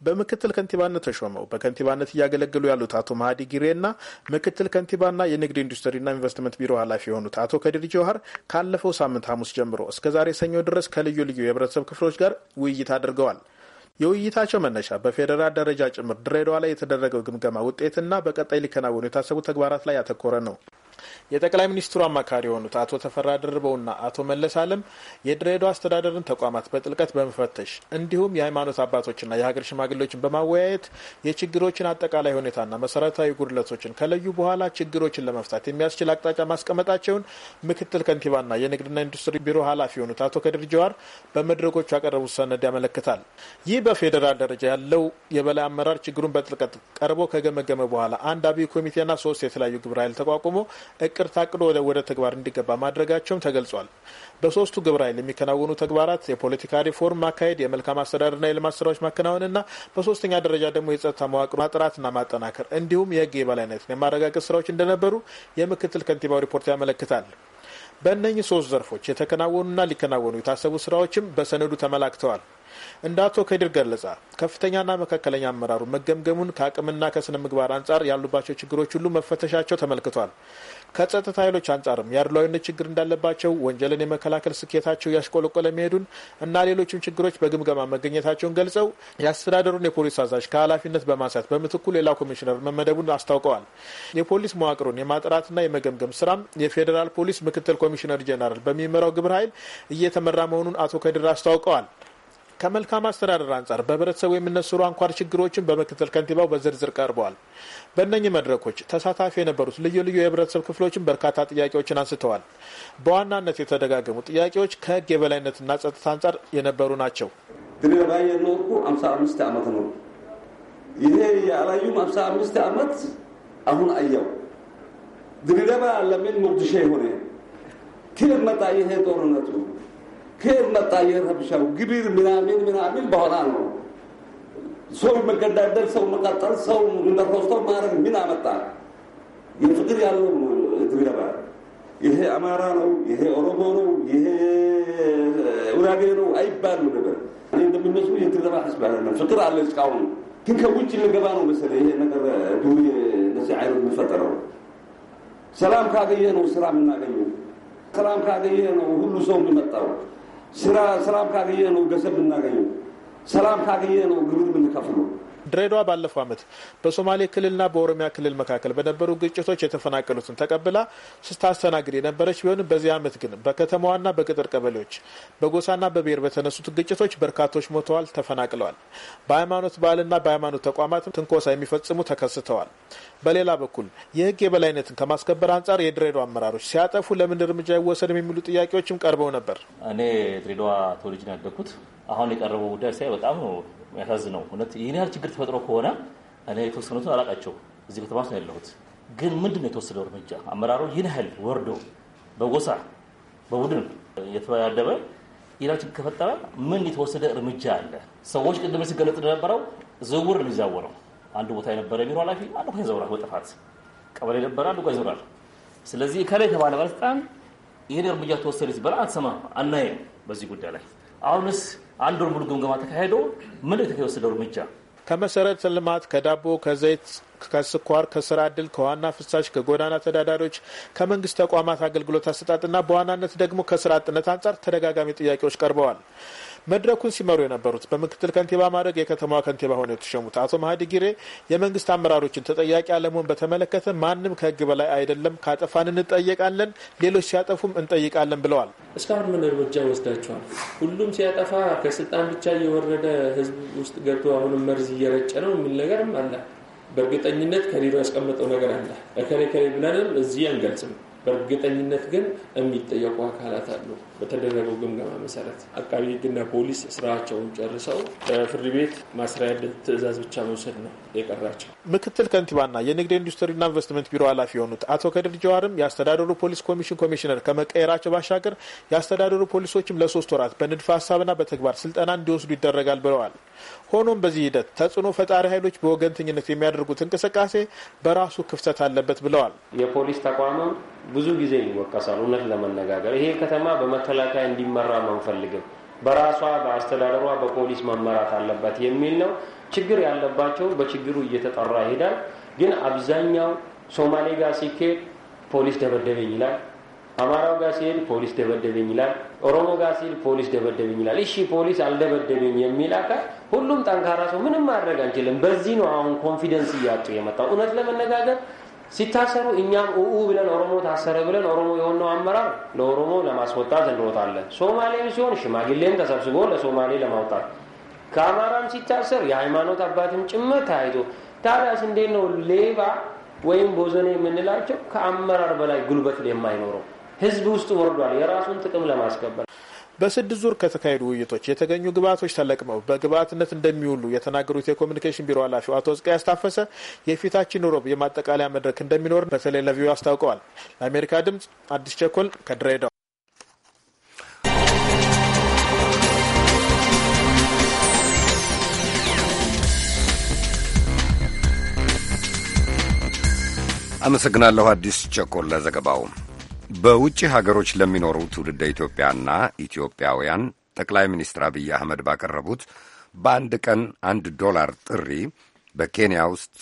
በምክትል ከንቲባነት ተሾመው በከንቲባነት እያገለገሉ ያሉት አቶ ጊሬ ጊሬና ምክትል ከንቲባና የንግድ ኢንዱስትሪና ኢንቨስትመንት ቢሮ ኃላፊ የሆኑት አቶ ከድር ጀውሃር ካለፈው ሳምንት ሐሙስ ጀምሮ እስከ ዛሬ ሰኞ ድረስ ከልዩ ልዩ የህብረተሰብ ክፍሎች ጋር ውይይት አድርገዋል። የውይይታቸው መነሻ በፌዴራል ደረጃ ጭምር ድሬዳዋ ላይ የተደረገው ግምገማ ውጤትና በቀጣይ ሊከናወኑ የታሰቡ ተግባራት ላይ ያተኮረ ነው። የጠቅላይ ሚኒስትሩ አማካሪ የሆኑት አቶ ተፈራ ደርበውና አቶ መለስ አለም የድሬዳዋ አስተዳደርን ተቋማት በጥልቀት በመፈተሽ እንዲሁም የሃይማኖት አባቶችና የሀገር ሽማግሌዎችን በማወያየት የችግሮችን አጠቃላይ ሁኔታና መሰረታዊ ጉድለቶችን ከለዩ በኋላ ችግሮችን ለመፍታት የሚያስችል አቅጣጫ ማስቀመጣቸውን ምክትል ከንቲባና የንግድና ኢንዱስትሪ ቢሮ ኃላፊ የሆኑት አቶ ከድር ጀዋር በመድረኮቹ ያቀረቡት ሰነድ ያመለክታል። ይህ በፌዴራል ደረጃ ያለው የበላይ አመራር ችግሩን በጥልቀት ቀርቦ ከገመገመ በኋላ አንድ አብይ ኮሚቴና ሶስት የተለያዩ ግብረ ኃይል ተቋቁሞ እቅድ ታቅዶ ወደ ተግባር እንዲገባ ማድረጋቸውም ተገልጿል። በሶስቱ ግብረ ኃይል የሚከናወኑ ተግባራት የፖለቲካ ሪፎርም ማካሄድ፣ የመልካም አስተዳደርና የልማት ስራዎች ማከናወንና በሶስተኛ ደረጃ ደግሞ የጸጥታ መዋቅር ማጥራትና ማጠናከር እንዲሁም የህግ የበላይነትን የማረጋገጥ ስራዎች እንደነበሩ የምክትል ከንቲባው ሪፖርት ያመለክታል። በእነኚህ ሶስት ዘርፎች የተከናወኑና ሊከናወኑ የታሰቡ ስራዎችም በሰነዱ ተመላክተዋል። እንደ አቶ ከዲር ገለጻ ከፍተኛና መካከለኛ አመራሩ መገምገሙን ከአቅምና ከስነ ምግባር አንጻር ያሉባቸው ችግሮች ሁሉ መፈተሻቸው ተመልክቷል። ከጸጥታ ኃይሎች አንጻርም የአድሏዊነት ችግር እንዳለባቸው፣ ወንጀልን የመከላከል ስኬታቸው ያሽቆለቆለ መሄዱን እና ሌሎችም ችግሮች በግምገማ መገኘታቸውን ገልጸው የአስተዳደሩን የፖሊስ አዛዥ ከኃላፊነት በማንሳት በምትኩ ሌላ ኮሚሽነር መመደቡን አስታውቀዋል። የፖሊስ መዋቅሩን የማጥራትና የመገምገም ስራም የፌዴራል ፖሊስ ምክትል ኮሚሽነር ጄኔራል በሚመራው ግብረ ኃይል እየተመራ መሆኑን አቶ ከድር አስታውቀዋል። ከመልካም አስተዳደር አንጻር በህብረተሰቡ የሚነስሩ አንኳር ችግሮችን በምክትል ከንቲባው በዝርዝር ቀርበዋል። በእነኚህ መድረኮች ተሳታፊ የነበሩት ልዩ ልዩ የህብረተሰብ ክፍሎችን በርካታ ጥያቄዎችን አንስተዋል። በዋናነት የተደጋገሙ ጥያቄዎች ከህግ የበላይነትና ጸጥታ አንጻር የነበሩ ናቸው። ላይ የኖርኩ አምሳ አምስት ዓመት ነው። ይሄ የአላዩም አምሳ አምስት ዓመት አሁን አየው። ድሬዳዋ ለምን ሞቅዲሾ የሆነ ትልመጣ ይሄ ጦርነቱ ከየት መጣ የረብሻው ግብር ምናምን ምናምን በኋላ ነው ሰው መገዳደል፣ ሰው መቃጠል፣ ሰው እንደሮስተው ማድረግ ምን አመጣ? የፍቅር ያለው ድብደባ ይሄ አማራ ነው፣ ይሄ ኦሮሞ ነው፣ ይሄ ውራጌ ነው አይባሉ ነበር። እኔ እንደሚመስሉ የድብደባ ህዝብ አይደለም፣ ፍቅር አለ እስካሁን። ግን ከውጭ ልገባ ነው መሰለህ ይሄ ነገር ዱ እንደዚህ አይነት የሚፈጠረው ሰላም ካገኘ ነው ስራ የምናገኘው። ሰላም ካገኘ ነው ሁሉ ሰው የሚመጣው። ስራ ሰላም ካገኘ ነው ገንዘብ የምናገኘው። ሰላም ካገኘ ነው ግብር የምንከፍለው። ድሬዳዋ ባለፈው ዓመት በሶማሌ ክልልና በኦሮሚያ ክልል መካከል በነበሩ ግጭቶች የተፈናቀሉትን ተቀብላ ስታስተናግድ የነበረች ቢሆንም በዚህ ዓመት ግን በከተማዋና በቅጥር ቀበሌዎች በጎሳና በብሔር በተነሱት ግጭቶች በርካቶች ሞተዋል፣ ተፈናቅለዋል። በሃይማኖት በዓልና በሃይማኖት ተቋማት ትንኮሳ የሚፈጽሙ ተከስተዋል። በሌላ በኩል የህግ የበላይነትን ከማስከበር አንጻር የድሬዳዋ አመራሮች ሲያጠፉ ለምን እርምጃ ይወሰድም የሚሉ ጥያቄዎችም ቀርበው ነበር። እኔ ድሬዳዋ ተወልጄ ያደግኩት አሁን የቀረበው ጉዳይ ሳይ በጣም ነው የሚያሳዝነው። እውነት ይህን ያህል ችግር ተፈጥሮ ከሆነ እኔ የተወሰኑትን አላቃቸው እዚህ ከተማ ነው ያለሁት። ግን ምንድን ነው የተወሰደው እርምጃ? አመራሩ ይህን ያህል ወርዶ በጎሳ በቡድን የተደበ ይህን ችግር ከፈጠረ ምን የተወሰደ እርምጃ አለ? ሰዎች ቅድም ሲገለጽ እንደነበረው ዝውውር የሚዛወረው አንድ ቦታ የነበረ ቢሮ ኃላፊ አንድ ቦታ ይዘውራል። በጥፋት ቀበሌ ነበረ አንድ ቦታ ይዘውራል። ስለዚህ ከላይ የተባለ ባለስልጣን ይህን እርምጃ ተወሰደ ሲባል አትሰማም፣ አናየም በዚህ ጉዳይ ላይ አሁንስ አንድ ወር ሙሉ ግምገማ ተካሄዶ ምንድን ነው የተወሰደው እርምጃ? ከመሰረተ ልማት ከዳቦ ከዘይት ከስኳር፣ ከስራ እድል፣ ከዋና ፍሳሽ፣ ከጎዳና ተዳዳሪዎች፣ ከመንግስት ተቋማት አገልግሎት አሰጣጥና በዋናነት ደግሞ ከስራ አጥነት አንጻር ተደጋጋሚ ጥያቄዎች ቀርበዋል። መድረኩን ሲመሩ የነበሩት በምክትል ከንቲባ ማድረግ የከተማዋ ከንቲባ ሆነው የተሸሙት አቶ ማህዲ ጊሬ የመንግስት አመራሮችን ተጠያቂ አለመሆን በተመለከተ ማንም ከህግ በላይ አይደለም፣ ካጠፋን እንጠየቃለን፣ ሌሎች ሲያጠፉም እንጠይቃለን ብለዋል። እስካሁን ምን እርምጃ ወስዳቸዋል? ሁሉም ሲያጠፋ ከስልጣን ብቻ እየወረደ ህዝብ ውስጥ ገብቶ አሁንም መርዝ እየረጨ ነው የሚል ነገርም አለ። በእርግጠኝነት ከሌሎ ያስቀመጠው ነገር አለ። እከሌ ከሌ ብለንም እዚህ አንገልጽም። በእርግጠኝነት ግን የሚጠየቁ አካላት አሉ። በተደረገው ግምገማ መሰረት አቃቢ ሕግና ፖሊስ ስራቸውን ጨርሰው ፍርድ ቤት ማስሪያ ትዕዛዝ ብቻ መውሰድ ነው የቀራቸው። ምክትል ከንቲባና የንግድ ኢንዱስትሪና ኢንቨስትመንት ቢሮ ኃላፊ የሆኑት አቶ ከድር ጀዋርም የአስተዳደሩ ፖሊስ ኮሚሽን ኮሚሽነር ከመቀየራቸው ባሻገር የአስተዳደሩ ፖሊሶችም ለሶስት ወራት በንድፈ ሀሳብና በተግባር ስልጠና እንዲወስዱ ይደረጋል ብለዋል። ሆኖም በዚህ ሂደት ተጽዕኖ ፈጣሪ ኃይሎች በወገንተኝነት የሚያደርጉት እንቅስቃሴ በራሱ ክፍተት አለበት ብለዋል። የፖሊስ ተቋምም ብዙ ጊዜ ይወቀሳል። እውነት ለመነጋገር ይሄ ከተማ በመከላከያ እንዲመራ አንፈልግም፣ በራሷ በአስተዳደሯ በፖሊስ መመራት አለባት የሚል ነው። ችግር ያለባቸው በችግሩ እየተጠራ ይሄዳል። ግን አብዛኛው ሶማሌ ጋር ሲኬድ ፖሊስ ደበደበኝ ይላል። አማራው ጋር ሲሄድ ፖሊስ ደበደበኝ ይላል። ኦሮሞ ጋር ሲሄድ ፖሊስ ደበደበኝ ይላል። እሺ ፖሊስ አልደበደበኝ የሚል አካል ሁሉም ጠንካራ ሰው ምንም ማድረግ አንችልም። በዚህ ነው አሁን ኮንፊደንስ እያጡ የመጣው እውነት ለመነጋገር ሲታሰሩ እኛም ኡኡ ብለን ኦሮሞ ታሰረ ብለን ኦሮሞ የሆነው አመራር ለኦሮሞ ለማስወጣት እንሮጣለን። ሶማሌም ሲሆን ሽማግሌም ተሰብስቦ ለሶማሌ ለማውጣት ከአማራም ሲታሰር የሃይማኖት አባትም ጭምር ተያይዞ ታዲያስ እንዴት ነው ሌባ ወይም ቦዘኔ የምንላቸው ከአመራር በላይ ጉልበት የማይኖረው ህዝብ ውስጥ ወርዷል የራሱን ጥቅም ለማስከበር በስድስት ዙር ከተካሄዱ ውይይቶች የተገኙ ግብአቶች ተለቅመው በግብአትነት እንደሚውሉ የተናገሩት የኮሚኒኬሽን ቢሮ ኃላፊው አቶ እዝቅያስ ያስታፈሰ የፊታችን ሮብ የማጠቃለያ መድረክ እንደሚኖር በተለይ ለቪዮ አስታውቀዋል። ለአሜሪካ ድምጽ አዲስ ቸኮል ከድሬዳዋ። አመሰግናለሁ አዲስ ቸኮል ለዘገባው። በውጭ ሀገሮች ለሚኖሩ ትውልደ ኢትዮጵያና ኢትዮጵያውያን ጠቅላይ ሚኒስትር አብይ አህመድ ባቀረቡት በአንድ ቀን አንድ ዶላር ጥሪ በኬንያ ውስጥ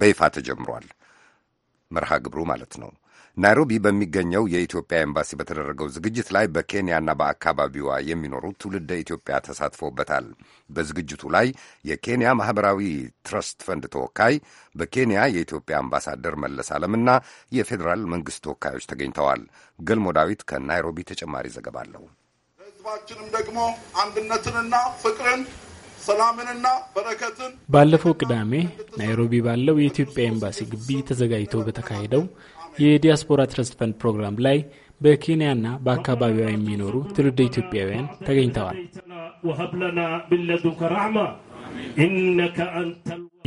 በይፋ ተጀምሯል። መርሃ ግብሩ ማለት ነው። ናይሮቢ በሚገኘው የኢትዮጵያ ኤምባሲ በተደረገው ዝግጅት ላይ በኬንያና በአካባቢዋ የሚኖሩ ትውልደ ኢትዮጵያ ተሳትፎበታል። በዝግጅቱ ላይ የኬንያ ማኅበራዊ ትረስት ፈንድ ተወካይ፣ በኬንያ የኢትዮጵያ አምባሳደር መለስ ዓለምና የፌዴራል መንግሥት ተወካዮች ተገኝተዋል። ገልሞ ዳዊት ከናይሮቢ ተጨማሪ ዘገባ አለው። ህዝባችንም ደግሞ አንድነትንና ፍቅርን ሰላምንና በረከትን ባለፈው ቅዳሜ ናይሮቢ ባለው የኢትዮጵያ ኤምባሲ ግቢ ተዘጋጅቶ በተካሄደው የዲያስፖራ ትረስት ፈንድ ፕሮግራም ላይ በኬንያና በአካባቢዋ የሚኖሩ ትውልደ ኢትዮጵያውያን ተገኝተዋል።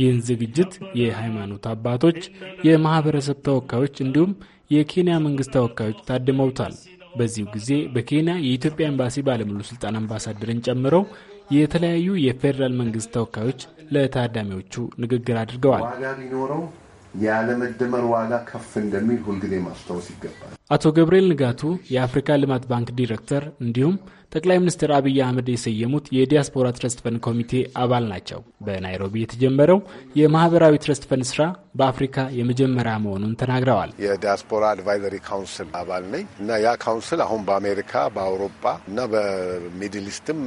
ይህን ዝግጅት የሃይማኖት አባቶች፣ የማህበረሰብ ተወካዮች እንዲሁም የኬንያ መንግስት ተወካዮች ታድመውታል። በዚሁ ጊዜ በኬንያ የኢትዮጵያ ኤምባሲ ባለሙሉ ስልጣን አምባሳደርን ጨምረው የተለያዩ የፌዴራል መንግስት ተወካዮች ለታዳሚዎቹ ንግግር አድርገዋል። ዋጋ ሊኖረው የአለመደመር ዋጋ ከፍ እንደሚል ሁልጊዜ ማስታወስ ይገባል። አቶ ገብርኤል ንጋቱ የአፍሪካ ልማት ባንክ ዲሬክተር እንዲሁም ጠቅላይ ሚኒስትር አብይ አህመድ የሰየሙት የዲያስፖራ ትረስት ፈንድ ኮሚቴ አባል ናቸው። በናይሮቢ የተጀመረው የማህበራዊ ትረስት ፈንድ ስራ በአፍሪካ የመጀመሪያ መሆኑን ተናግረዋል። የዲያስፖራ አድቫይዘሪ ካውንስል አባል ነኝ እና ያ ካውንስል አሁን በአሜሪካ፣ በአውሮፓ እና በሚድል ኢስትም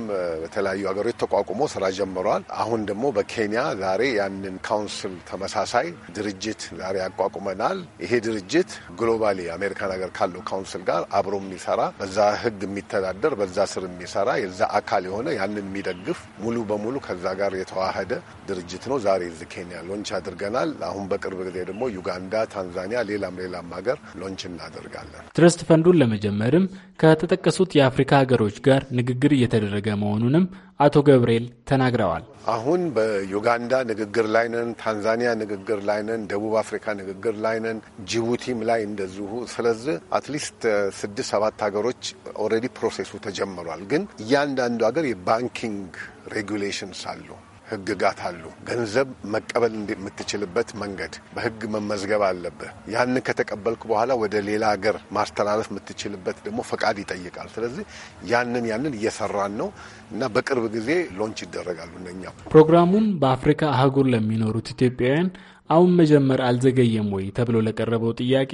በተለያዩ ሀገሮች ተቋቁሞ ስራ ጀምረዋል። አሁን ደግሞ በኬንያ ዛሬ ያንን ካውንስል ተመሳሳይ ድርጅት ዛሬ ያቋቁመናል። ይሄ ድርጅት ግሎባሊ አሜሪካን ሀገር ካለው ካውንስል ጋር አብሮ የሚሰራ በዛ ህግ የሚተዳደር በዛ ስር የሚሰራ የዛ አካል የሆነ ያንን የሚደግፍ ሙሉ በሙሉ ከዛ ጋር የተዋሃደ ድርጅት ነው። ዛሬ እዚህ ኬንያ ሎንች አድርገናል። አሁን በቅርብ ጊዜ ደግሞ ዩጋንዳ፣ ታንዛኒያ፣ ሌላም ሌላም ሀገር ሎንች እናደርጋለን። ትረስት ፈንዱን ለመጀመርም ከተጠቀሱት የአፍሪካ ሀገሮች ጋር ንግግር እየተደረገ መሆኑንም አቶ ገብርኤል ተናግረዋል። አሁን በዩጋንዳ ንግግር ላይ ነን፣ ታንዛኒያ ንግግር ላይ ነን፣ ደቡብ አፍሪካ ንግግር ላይ ነን፣ ጅቡቲም ላይ እንደዚሁ። ስለዚህ አትሊስት uh, ስድስት ሰባት ሀገሮች ኦልሬዲ ፕሮሴሱ ተጀምሯል። ግን እያንዳንዱ ሀገር የባንኪንግ ሬጉሌሽንስ አሉ። ህግጋት አሉ። ገንዘብ መቀበል የምትችልበት መንገድ በህግ መመዝገብ አለብህ። ያን ከተቀበልክ በኋላ ወደ ሌላ ሀገር ማስተላለፍ የምትችልበት ደግሞ ፈቃድ ይጠይቃል። ስለዚህ ያንን ያንን እየሰራን ነው እና በቅርብ ጊዜ ሎንች ይደረጋሉ። እነኛ ፕሮግራሙም በአፍሪካ አህጉር ለሚኖሩት ኢትዮጵያውያን አሁን መጀመር አልዘገየም ወይ ተብሎ ለቀረበው ጥያቄ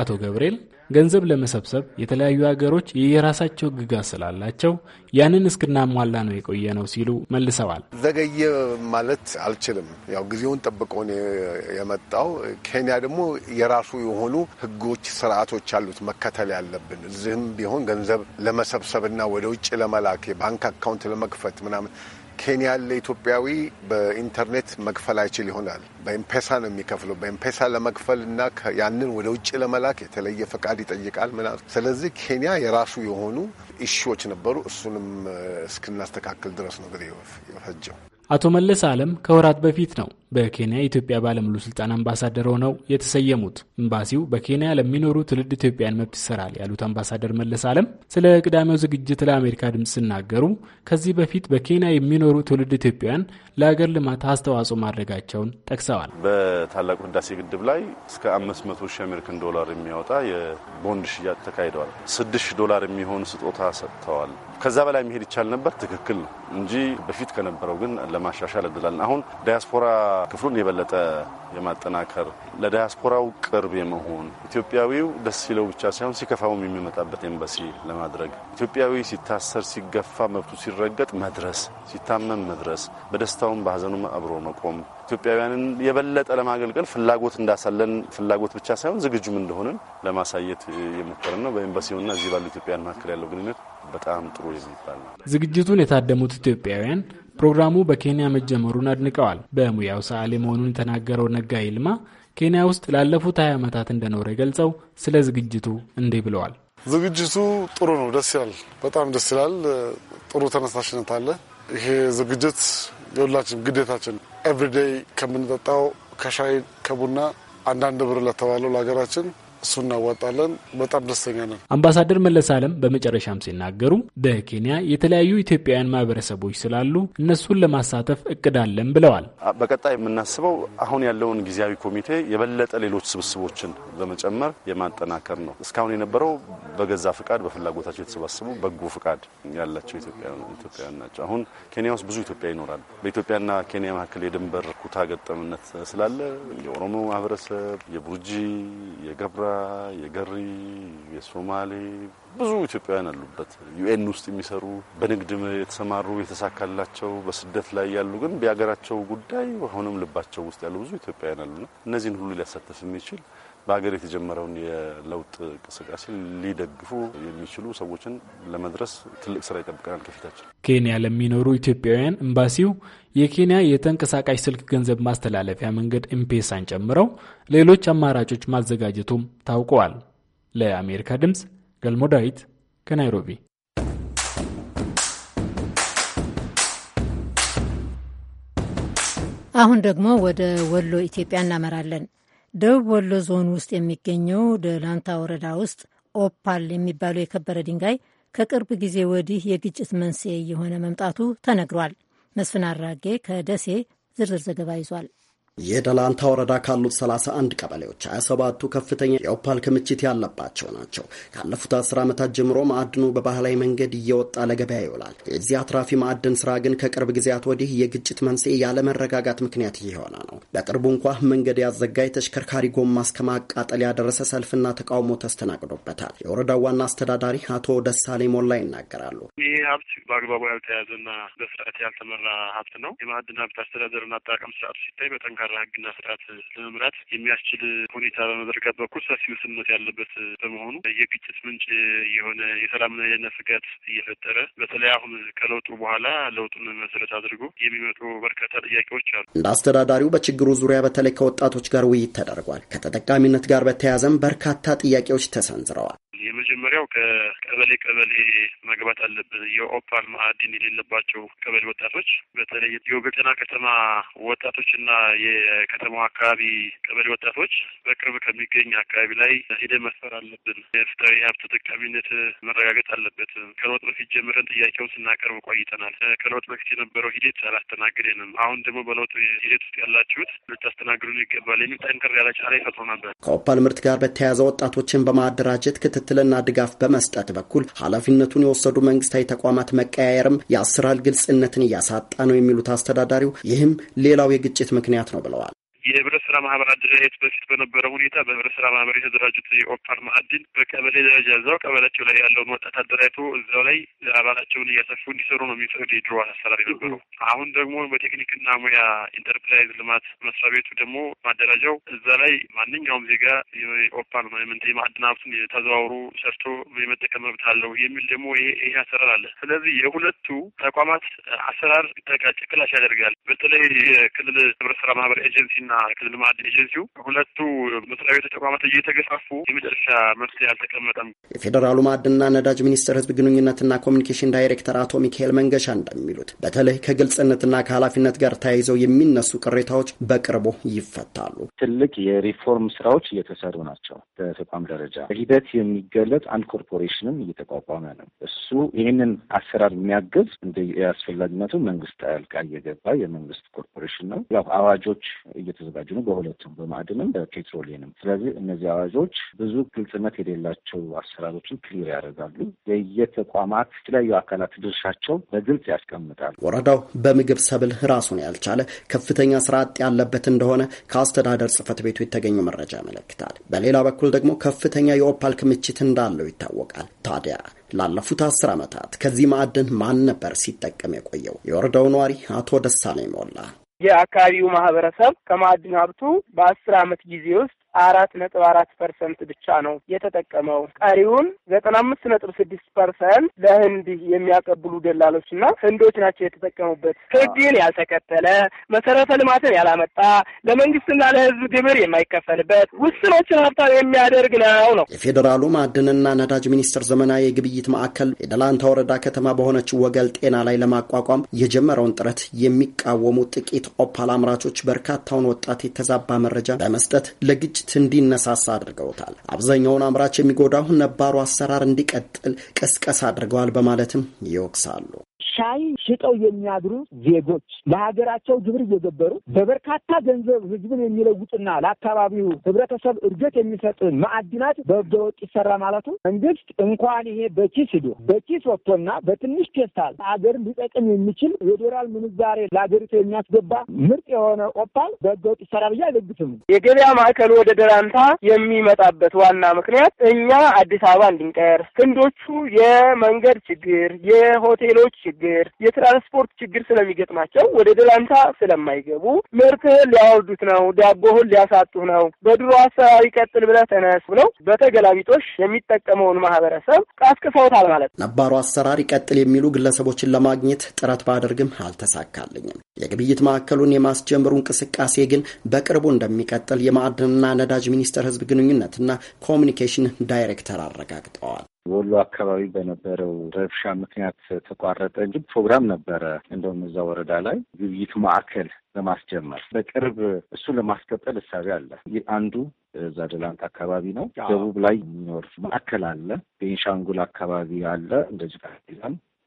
አቶ ገብርኤል ገንዘብ ለመሰብሰብ የተለያዩ ሀገሮች የየራሳቸው ግጋ ስላላቸው ያንን እስክናሟላ ነው የቆየ ነው ሲሉ መልሰዋል። ዘገየ ማለት አልችልም። ያው ጊዜውን ጠብቆ የመጣው። ኬንያ ደግሞ የራሱ የሆኑ ህጎች፣ ስርዓቶች አሉት መከተል ያለብን። እዚህም ቢሆን ገንዘብ ለመሰብሰብና ወደ ውጭ ለመላክ የባንክ አካውንት ለመክፈት ምናምን ኬንያ ኢትዮጵያዊ በኢንተርኔት መክፈል አይችል ይሆናል። በኤምፔሳ ነው የሚከፍለው። በኤምፔሳ ለመክፈል እና ያንን ወደ ውጭ ለመላክ የተለየ ፈቃድ ይጠይቃል ምናምን። ስለዚህ ኬንያ የራሱ የሆኑ ኢሹዎች ነበሩ። እሱንም እስክናስተካክል ድረስ ነው እንግዲህ የፈጀው። አቶ መለስ አለም ከወራት በፊት ነው በኬንያ ኢትዮጵያ ባለሙሉ ስልጣን አምባሳደር ሆነው የተሰየሙት። ኤምባሲው በኬንያ ለሚኖሩ ትውልድ ኢትዮጵያን መብት ይሰራል ያሉት አምባሳደር መለስ አለም ስለ ቅዳሜው ዝግጅት ለአሜሪካ ድምፅ ሲናገሩ ከዚህ በፊት በኬንያ የሚኖሩ ትውልድ ኢትዮጵያን ለሀገር ልማት አስተዋጽኦ ማድረጋቸውን ጠቅሰዋል። በታላቁ ህዳሴ ግድብ ላይ እስከ 500 ሺህ አሜሪካን ዶላር የሚያወጣ የቦንድ ሽያጭ ተካሂደዋል። 6 ዶላር የሚሆን ስጦታ ሰጥተዋል። ከዛ በላይ መሄድ ይቻል ነበር። ትክክል ነው እንጂ በፊት ከነበረው ግን ለማሻሻል እድላለን። አሁን ዲያስፖራ ክፍሉን የበለጠ የማጠናከር ለዳያስፖራው ቅርብ የመሆን ኢትዮጵያዊው ደስ ሲለው ብቻ ሳይሆን ሲከፋውም የሚመጣበት ኤምባሲ ለማድረግ ኢትዮጵያዊ ሲታሰር፣ ሲገፋ፣ መብቱ ሲረገጥ መድረስ፣ ሲታመም መድረስ፣ በደስታውም በሀዘኑም አብሮ መቆም ኢትዮጵያውያንን የበለጠ ለማገልገል ፍላጎት እንዳሳለን ፍላጎት ብቻ ሳይሆን ዝግጁም እንደሆንን ለማሳየት የሞከርን ነው። በኤምባሲውና እዚህ ባሉ ኢትዮጵያውያን መካከል ያለው ግንኙነት በጣም ጥሩ የሚባል ነው። ዝግጅቱን የታደሙት ኢትዮጵያውያን ፕሮግራሙ በኬንያ መጀመሩን አድንቀዋል። በሙያው ሰዓሊ መሆኑን የተናገረው ነጋ ይልማ ኬንያ ውስጥ ላለፉት 2 ዓመታት እንደኖረ ገልጸው ስለ ዝግጅቱ እንዲህ ብለዋል። ዝግጅቱ ጥሩ ነው፣ ደስ ይላል፣ በጣም ደስ ይላል። ጥሩ ተነሳሽነት አለ። ይሄ ዝግጅት የሁላችን ግዴታችን ኤቭሪዴይ ከምንጠጣው ከሻይ ከቡና አንዳንድ ብር ለተባለው ለሀገራችን እሱ እናዋጣለን። በጣም ደስተኛ ነን። አምባሳደር መለስ አለም በመጨረሻም ሲናገሩ በኬንያ የተለያዩ ኢትዮጵያውያን ማህበረሰቦች ስላሉ እነሱን ለማሳተፍ እቅድ አለን ብለዋል። በቀጣይ የምናስበው አሁን ያለውን ጊዜያዊ ኮሚቴ የበለጠ ሌሎች ስብስቦችን በመጨመር የማጠናከር ነው። እስካሁን የነበረው በገዛ ፍቃድ በፍላጎታቸው የተሰባሰቡ በጎ ፍቃድ ያላቸው ኢትዮጵያውያን ናቸው። አሁን ኬንያ ውስጥ ብዙ ኢትዮጵያ ይኖራል። በኢትዮጵያና ኬንያ መካከል የድንበር ኩታ ገጠምነት ስላለ የኦሮሞ ማህበረሰብ፣ የቡርጂ፣ የገብራ የገሪ የሶማሌ ብዙ ኢትዮጵያውያን አሉበት። ዩኤን ውስጥ የሚሰሩ በንግድም የተሰማሩ የተሳካላቸው፣ በስደት ላይ ያሉ ግን በሀገራቸው ጉዳይ አሁንም ልባቸው ውስጥ ያሉ ብዙ ኢትዮጵያውያን አሉና እነዚህን ሁሉ ሊያሳተፍ የሚችል በሀገር የተጀመረውን የለውጥ እንቅስቃሴ ሊደግፉ የሚችሉ ሰዎችን ለመድረስ ትልቅ ስራ ይጠብቀናል ከፊታችን። ኬንያ ለሚኖሩ ኢትዮጵያውያን ኤምባሲው የኬንያ የተንቀሳቃሽ ስልክ ገንዘብ ማስተላለፊያ መንገድ ኤምፔሳን ጨምረው ሌሎች አማራጮች ማዘጋጀቱም ታውቀዋል። ለአሜሪካ ድምፅ ገልሞ ዳዊት ከናይሮቢ። አሁን ደግሞ ወደ ወሎ ኢትዮጵያ እናመራለን። ደቡብ ወሎ ዞን ውስጥ የሚገኘው ደላንታ ወረዳ ውስጥ ኦፓል የሚባለው የከበረ ድንጋይ ከቅርብ ጊዜ ወዲህ የግጭት መንስኤ እየሆነ መምጣቱ ተነግሯል። መስፍን አራጌ ከደሴ ዝርዝር ዘገባ ይዟል። የደላንታ ወረዳ ካሉት 31 ቀበሌዎች 27ቱ ከፍተኛ የኦፓል ክምችት ያለባቸው ናቸው። ካለፉት 10 ዓመታት ጀምሮ ማዕድኑ በባህላዊ መንገድ እየወጣ ለገበያ ይውላል። የዚህ አትራፊ ማዕድን ስራ ግን ከቅርብ ጊዜያት ወዲህ የግጭት መንስኤ ያለመረጋጋት ምክንያት እየሆነ ነው። በቅርቡ እንኳ መንገድ ያዘጋ የተሽከርካሪ ጎማ እስከ ማቃጠል ያደረሰ ሰልፍና ተቃውሞ ተስተናግዶበታል። የወረዳው ዋና አስተዳዳሪ አቶ ደሳሌ ሞላ ይናገራሉ። ይህ ሀብት በአግባቡ ያልተያዘና በስርዓት ያልተመራ ሀብት ነው። የማዕድን ሀብት አስተዳደርና አጠቃቀም ስርዓቱ ሲታይ በጠንካ ጠንካራ ህግና ስርዓት ለመምራት የሚያስችል ሁኔታ በመዘርጋት በኩል ሰፊ ውስንነት ያለበት በመሆኑ የግጭት ምንጭ የሆነ የሰላምና የደህንነት ስጋት እየፈጠረ በተለይ አሁን ከለውጡ በኋላ ለውጡን መሰረት አድርጎ የሚመጡ በርካታ ጥያቄዎች አሉ። እንደ አስተዳዳሪው በችግሩ ዙሪያ በተለይ ከወጣቶች ጋር ውይይት ተደርጓል። ከተጠቃሚነት ጋር በተያያዘም በርካታ ጥያቄዎች ተሰንዝረዋል። የመጀመሪያው ከቀበሌ ቀበሌ መግባት አለብን። የኦፓል ማዕድን የሌለባቸው ቀበሌ ወጣቶች በተለይ የወገጤና ከተማ ወጣቶችና የከተማው አካባቢ ቀበሌ ወጣቶች በቅርብ ከሚገኝ አካባቢ ላይ ሂደ መስፈር አለብን። የፍትሐዊ ሀብት ተጠቃሚነት መረጋገጥ አለበት። ከለውጥ በፊት ጀምረን ጥያቄውን ስናቀርብ ቆይተናል። ከለውጥ በፊት የነበረው ሂደት አላስተናገደንም አሁን ደግሞ በለውጥ ሂደት ውስጥ ያላችሁት ልታስተናግዱን ይገባል የሚል ጠንከር ያለ ጫና ይፈጥሮ ነበር። ከኦፓል ምርት ጋር በተያያዘ ወጣቶችን በማደራጀት ክትትል ክትትልና ድጋፍ በመስጠት በኩል ኃላፊነቱን የወሰዱ መንግስታዊ ተቋማት መቀያየርም የአሰራር ግልጽነትን እያሳጣ ነው የሚሉት አስተዳዳሪው ይህም ሌላው የግጭት ምክንያት ነው ብለዋል። የህብረት ስራ ማህበር አደረጃጀት በፊት በነበረው ሁኔታ በህብረት ስራ ማህበር የተደራጁት የኦፓር ማዕድን በቀበሌ ደረጃ እዛው ቀበሌያቸው ላይ ያለውን ወጣት አደራጅቶ እዛው ላይ አባላቸውን እያሰፉ እንዲሰሩ ነው የሚፈቅድ የድሮ አሰራር የነበረው። አሁን ደግሞ በቴክኒክና ሙያ ኢንተርፕራይዝ ልማት መስሪያ ቤቱ ደግሞ ማደራጃው እዛ ላይ ማንኛውም ዜጋ የኦፓር ማይመንት የማዕድን ሀብቱን ተዘዋውሮ ሰርቶ የመጠቀም መብት አለው የሚል ደግሞ ይሄ አሰራር አለ። ስለዚህ የሁለቱ ተቋማት አሰራር ተጋጭ ክላሽ ያደርጋል። በተለይ የክልል ህብረት ስራ ማህበር ኤጀንሲና እና ከዚህ ልማት ኤጀንሲው ሁለቱ መስሪያ ቤቶች ተቋማት እየተገፋፉ የመጨረሻ መፍትሄ አልተቀመጠም። የፌዴራሉ ማዕድንና ነዳጅ ሚኒስቴር ህዝብ ግንኙነትና ኮሚኒኬሽን ዳይሬክተር አቶ ሚካኤል መንገሻ እንደሚሉት በተለይ ከግልጽነትና ከኃላፊነት ጋር ተያይዘው የሚነሱ ቅሬታዎች በቅርቡ ይፈታሉ። ትልቅ የሪፎርም ስራዎች እየተሰሩ ናቸው። በተቋም ደረጃ በሂደት የሚገለጥ አንድ ኮርፖሬሽንም እየተቋቋመ ነው። እሱ ይህንን አሰራር የሚያግዝ እንደ አስፈላጊነቱ መንግስት ጣልቃ እየገባ የመንግስት ኮርፖሬሽን ነው። ያው አዋጆች እየተ የተዘጋጁ ነው፣ በሁለቱም በማዕድንም በፔትሮሊየንም። ስለዚህ እነዚህ አዋጆች ብዙ ግልጽነት የሌላቸው አሰራሮችን ክሊር ያደርጋሉ። የየተቋማት የተለያዩ አካላት ድርሻቸው በግልጽ ያስቀምጣል። ወረዳው በምግብ ሰብል ራሱን ያልቻለ ከፍተኛ ስራ አጥ ያለበት እንደሆነ ከአስተዳደር ጽህፈት ቤቱ የተገኘው መረጃ ያመለክታል። በሌላ በኩል ደግሞ ከፍተኛ የኦፓል ክምችት እንዳለው ይታወቃል። ታዲያ ላለፉት አስር ዓመታት ከዚህ ማዕድን ማን ነበር ሲጠቀም የቆየው? የወረዳው ነዋሪ አቶ ደሳለኝ ሞላ የአካባቢው ማህበረሰብ ከማዕድን ሀብቱ በአስር አመት ጊዜ ውስጥ አራት ነጥብ አራት ፐርሰንት ብቻ ነው የተጠቀመው። ቀሪውን ዘጠና አምስት ነጥብ ስድስት ፐርሰንት ለህንድ የሚያቀብሉ ደላሎች እና ህንዶች ናቸው የተጠቀሙበት። ህግን ያልተከተለ መሰረተ ልማትን ያላመጣ ለመንግስትና ለህዝብ ግብር የማይከፈልበት ውስኖችን ሀብታም የሚያደርግ ነው ነው የፌዴራሉ ማዕድንና ነዳጅ ሚኒስቴር ዘመናዊ የግብይት ማዕከል የደላንታ ወረዳ ከተማ በሆነችው ወገል ጤና ላይ ለማቋቋም የጀመረውን ጥረት የሚቃወሙ ጥቂት ኦፓል አምራቾች በርካታውን ወጣት የተዛባ መረጃ በመስጠት ለግጭ አምራች እንዲነሳሳ አድርገውታል። አብዛኛውን አምራች የሚጎዳው ነባሩ አሰራር እንዲቀጥል ቀስቀስ አድርገዋል በማለትም ይወቅሳሉ። ሻይ ሽጠው የሚያድሩ ዜጎች ለሀገራቸው ግብር እየገበሩ በበርካታ ገንዘብ ህዝብን የሚለውጥና ለአካባቢው ህብረተሰብ እድገት የሚሰጥ ማዕድናት በህገወጥ ይሰራ ማለቱ መንግስት እንኳን ይሄ በኪስ ሂዶ በኪስ ወጥቶና በትንሽ ፔስታል ሀገር ሊጠቅም የሚችል የዶላር ምንዛሬ ለሀገሪቱ የሚያስገባ ምርጥ የሆነ ኦፓል በህገወጥ ይሰራ ብዬ አይለግትም። የገበያ ማዕከል ወደ ደራንታ የሚመጣበት ዋና ምክንያት እኛ አዲስ አበባ እንድንቀር ክንዶቹ የመንገድ ችግር፣ የሆቴሎች ችግር፣ የትራንስፖርት ችግር ስለሚገጥማቸው ወደ ደላንታ ስለማይገቡ ምርትህን ሊያወርዱት ነው፣ ዳቦህን ሊያሳጡህ ነው፣ በድሮ አሰራር ይቀጥል ብለህ ተነስ ብለው በተገላቢጦሽ የሚጠቀመውን ማህበረሰብ ቀስቅሰውታል ማለት ነው። ነባሩ አሰራር ይቀጥል የሚሉ ግለሰቦችን ለማግኘት ጥረት ባደርግም አልተሳካልኝም። የግብይት ማዕከሉን የማስጀመሩ እንቅስቃሴ ግን በቅርቡ እንደሚቀጥል የማዕድንና ነዳጅ ሚኒስቴር ህዝብ ግንኙነትና ኮሚኒኬሽን ዳይሬክተር አረጋግጠዋል። ወሎ አካባቢ በነበረው ረብሻ ምክንያት ተቋረጠ እንጂ ፕሮግራም ነበረ። እንደውም እዛ ወረዳ ላይ ግብይት ማዕከል ለማስጀመር በቅርብ እሱን ለማስቀጠል እሳቤ አለ። አንዱ እዛ ደላንት አካባቢ ነው። ደቡብ ላይ የሚኖር ማዕከል አለ። ቤንሻንጉል አካባቢ አለ። እንደዚህ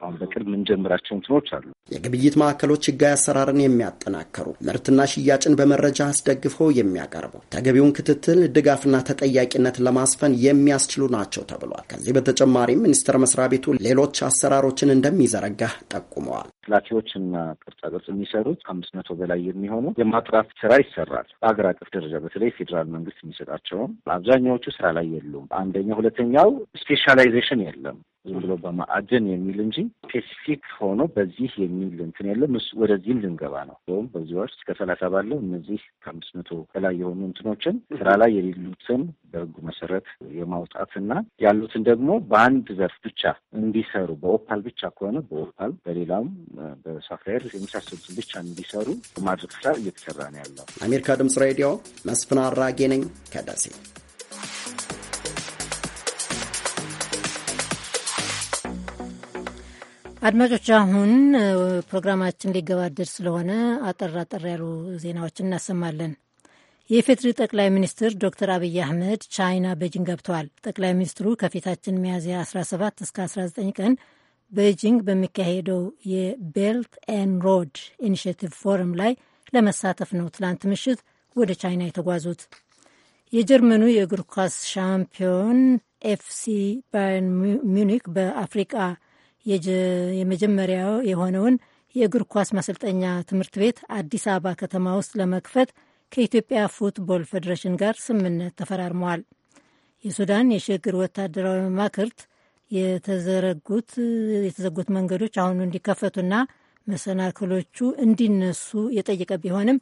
አሁን በቅርብ የምንጀምራቸው እንትኖች አሉ። የግብይት ማዕከሎች ህጋዊ አሰራርን የሚያጠናከሩ ምርትና ሽያጭን በመረጃ አስደግፈው የሚያቀርቡ ተገቢውን ክትትል ድጋፍና ተጠያቂነት ለማስፈን የሚያስችሉ ናቸው ተብሏል። ከዚህ በተጨማሪም ሚኒስቴር መስሪያ ቤቱ ሌሎች አሰራሮችን እንደሚዘረጋ ጠቁመዋል። ላኪዎችና ቅርጻቅርጽ የሚሰሩት አምስት መቶ በላይ የሚሆኑ የማጥራት ስራ ይሰራል። በአገር አቀፍ ደረጃ በተለይ ፌዴራል መንግስት የሚሰጣቸውም አብዛኛዎቹ ስራ ላይ የሉም። አንደኛው ሁለተኛው ስፔሻላይዜሽን የለም። ዝም ብሎ በማዕድን የሚል እንጂ ስፔሲፊክ ሆኖ በዚህ የሚል እንትን የለም። እሱ ወደዚህም ልንገባ ነው። ወይም በዚህ ወር እስከ ሰላሳ ባለው እነዚህ ከአምስት መቶ በላይ የሆኑ እንትኖችን ስራ ላይ የሌሉትን በህጉ መሰረት የማውጣትና ያሉትን ደግሞ በአንድ ዘርፍ ብቻ እንዲሰሩ በኦፓል ብቻ ከሆነ በኦፓል በሌላም በሶፍትዌር የመሳሰሉትን ብቻ እንዲሰሩ ማድረግ ስራ እየተሰራ ነው ያለው። አሜሪካ ድምጽ ሬዲዮ መስፍን አራጌ ነኝ ከደሴ አድማጮች አሁን ፕሮግራማችን ሊገባደድ ስለሆነ አጠር አጠር ያሉ ዜናዎችን እናሰማለን። የኢፌድሪ ጠቅላይ ሚኒስትር ዶክተር አብይ አህመድ ቻይና ቤጂንግ ገብተዋል። ጠቅላይ ሚኒስትሩ ከፊታችን ሚያዝያ 17 እስከ 19 ቀን ቤጂንግ በሚካሄደው የቤልት ኤን ሮድ ኢኒሽቲቭ ፎረም ላይ ለመሳተፍ ነው ትላንት ምሽት ወደ ቻይና የተጓዙት። የጀርመኑ የእግር ኳስ ሻምፒዮን ኤፍሲ ባየርን ሚኒክ በአፍሪቃ የመጀመሪያው የሆነውን የእግር ኳስ ማሰልጠኛ ትምህርት ቤት አዲስ አበባ ከተማ ውስጥ ለመክፈት ከኢትዮጵያ ፉትቦል ፌዴሬሽን ጋር ስምምነት ተፈራርመዋል። የሱዳን የሽግግር ወታደራዊ መማክርት የተዘጉት መንገዶች አሁኑ እንዲከፈቱና መሰናክሎቹ እንዲነሱ የጠየቀ ቢሆንም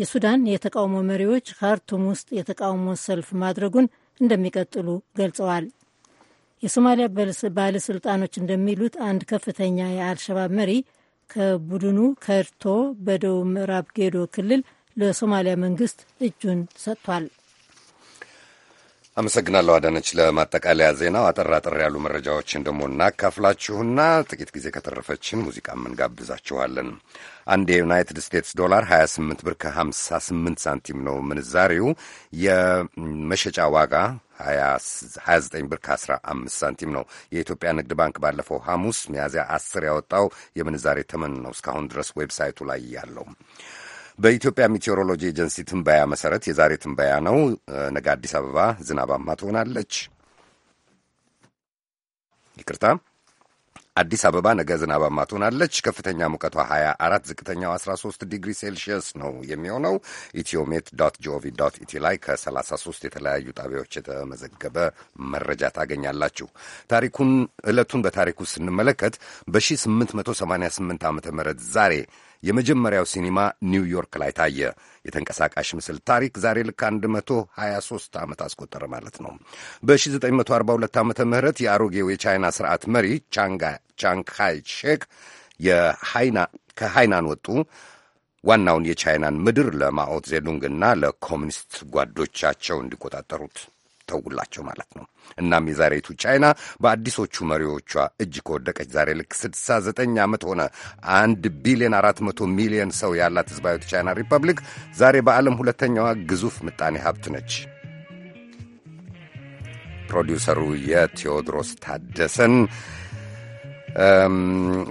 የሱዳን የተቃውሞ መሪዎች ካርቱም ውስጥ የተቃውሞ ሰልፍ ማድረጉን እንደሚቀጥሉ ገልጸዋል። የሶማሊያ ባለስልጣኖች እንደሚሉት አንድ ከፍተኛ የአልሸባብ መሪ ከቡድኑ ከድቶ በደቡብ ምዕራብ ጌዶ ክልል ለሶማሊያ መንግስት እጁን ሰጥቷል። አመሰግናለሁ አዳነች። ለማጠቃለያ ዜናው አጠር አጠር ያሉ መረጃዎችን ደግሞ እናካፍላችሁና ጥቂት ጊዜ ከተረፈችን ሙዚቃም እንጋብዛችኋለን። አንድ የዩናይትድ ስቴትስ ዶላር 28 ብር ከ58 ሳንቲም ነው ምንዛሪው። የመሸጫ ዋጋ 29 ብር ከ15 ሳንቲም ነው። የኢትዮጵያ ንግድ ባንክ ባለፈው ሐሙስ ሚያዝያ 10 ያወጣው የምንዛሬ ተመን ነው እስካሁን ድረስ ዌብሳይቱ ላይ ያለው። በኢትዮጵያ ሜቴሮሎጂ ኤጀንሲ ትንበያ መሰረት የዛሬ ትንበያ ነው። ነገ አዲስ አበባ ዝናባማ ትሆናለች። ይቅርታ አዲስ አበባ ነገ ዝናባማ ትሆናለች። ከፍተኛ ሙቀቷ 24፣ ዝቅተኛው 13 ዲግሪ ሴልሽየስ ነው የሚሆነው። ኢትዮሜት ዶት ጂኦቪ ዶት ኢቲ ላይ ከ33 የተለያዩ ጣቢያዎች የተመዘገበ መረጃ ታገኛላችሁ። ታሪኩን ዕለቱን በታሪኩ ስንመለከት በ1888 ዓ ም ዛሬ የመጀመሪያው ሲኒማ ኒውዮርክ ላይ ታየ። የተንቀሳቃሽ ምስል ታሪክ ዛሬ ልክ 123 ዓመት አስቆጠረ ማለት ነው። በ1942 ዓ ምህረት የአሮጌው የቻይና ስርዓት መሪ ቻንካይ ሼክ ከሃይናን ወጡ። ዋናውን የቻይናን ምድር ለማኦት ዜዱንግና ለኮሚኒስት ጓዶቻቸው እንዲቆጣጠሩት ተውላቸው ማለት ነው። እናም የዛሬቱ ቻይና በአዲሶቹ መሪዎቿ እጅ ከወደቀች ዛሬ ልክ 69 ዓመት ሆነ። 1 ቢሊዮን 400 ሚሊዮን ሰው ያላት ህዝባዊት ቻይና ሪፐብሊክ ዛሬ በዓለም ሁለተኛዋ ግዙፍ ምጣኔ ሀብት ነች። ፕሮዲውሰሩ የቴዎድሮስ ታደሰን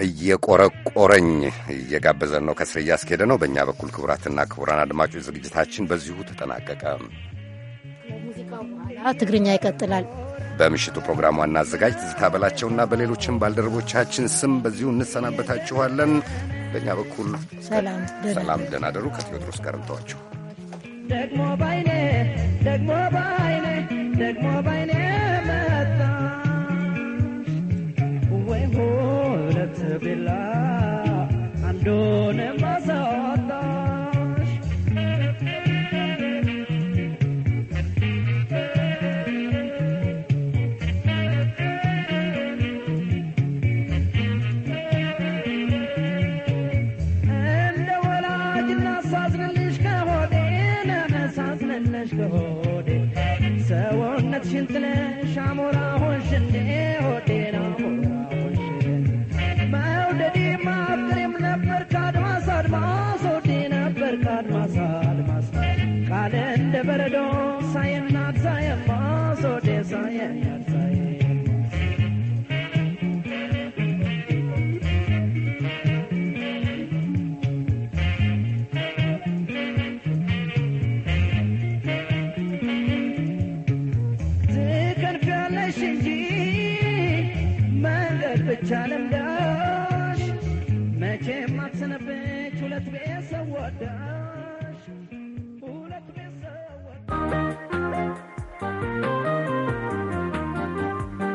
እየቆረቆረኝ እየጋበዘን ነው። ከስር እያስኬደ ነው። በእኛ በኩል ክቡራትና ክቡራን አድማጮች ዝግጅታችን በዚሁ ተጠናቀቀ። ትግርኛ ይቀጥላል። በምሽቱ ፕሮግራም ዋና አዘጋጅ ትዝታ በላቸውና በሌሎችም ባልደረቦቻችን ስም በዚሁ እንሰናበታችኋለን። በእኛ በኩል ሰላም፣ ደህና ደሩ። ከቴዎድሮስ ጋር እንተዋችሁ። ደግሞ ባይኔ ደግሞ ባይኔ ደግሞ ባይኔ መጣ ወይ ሁለት ቢላ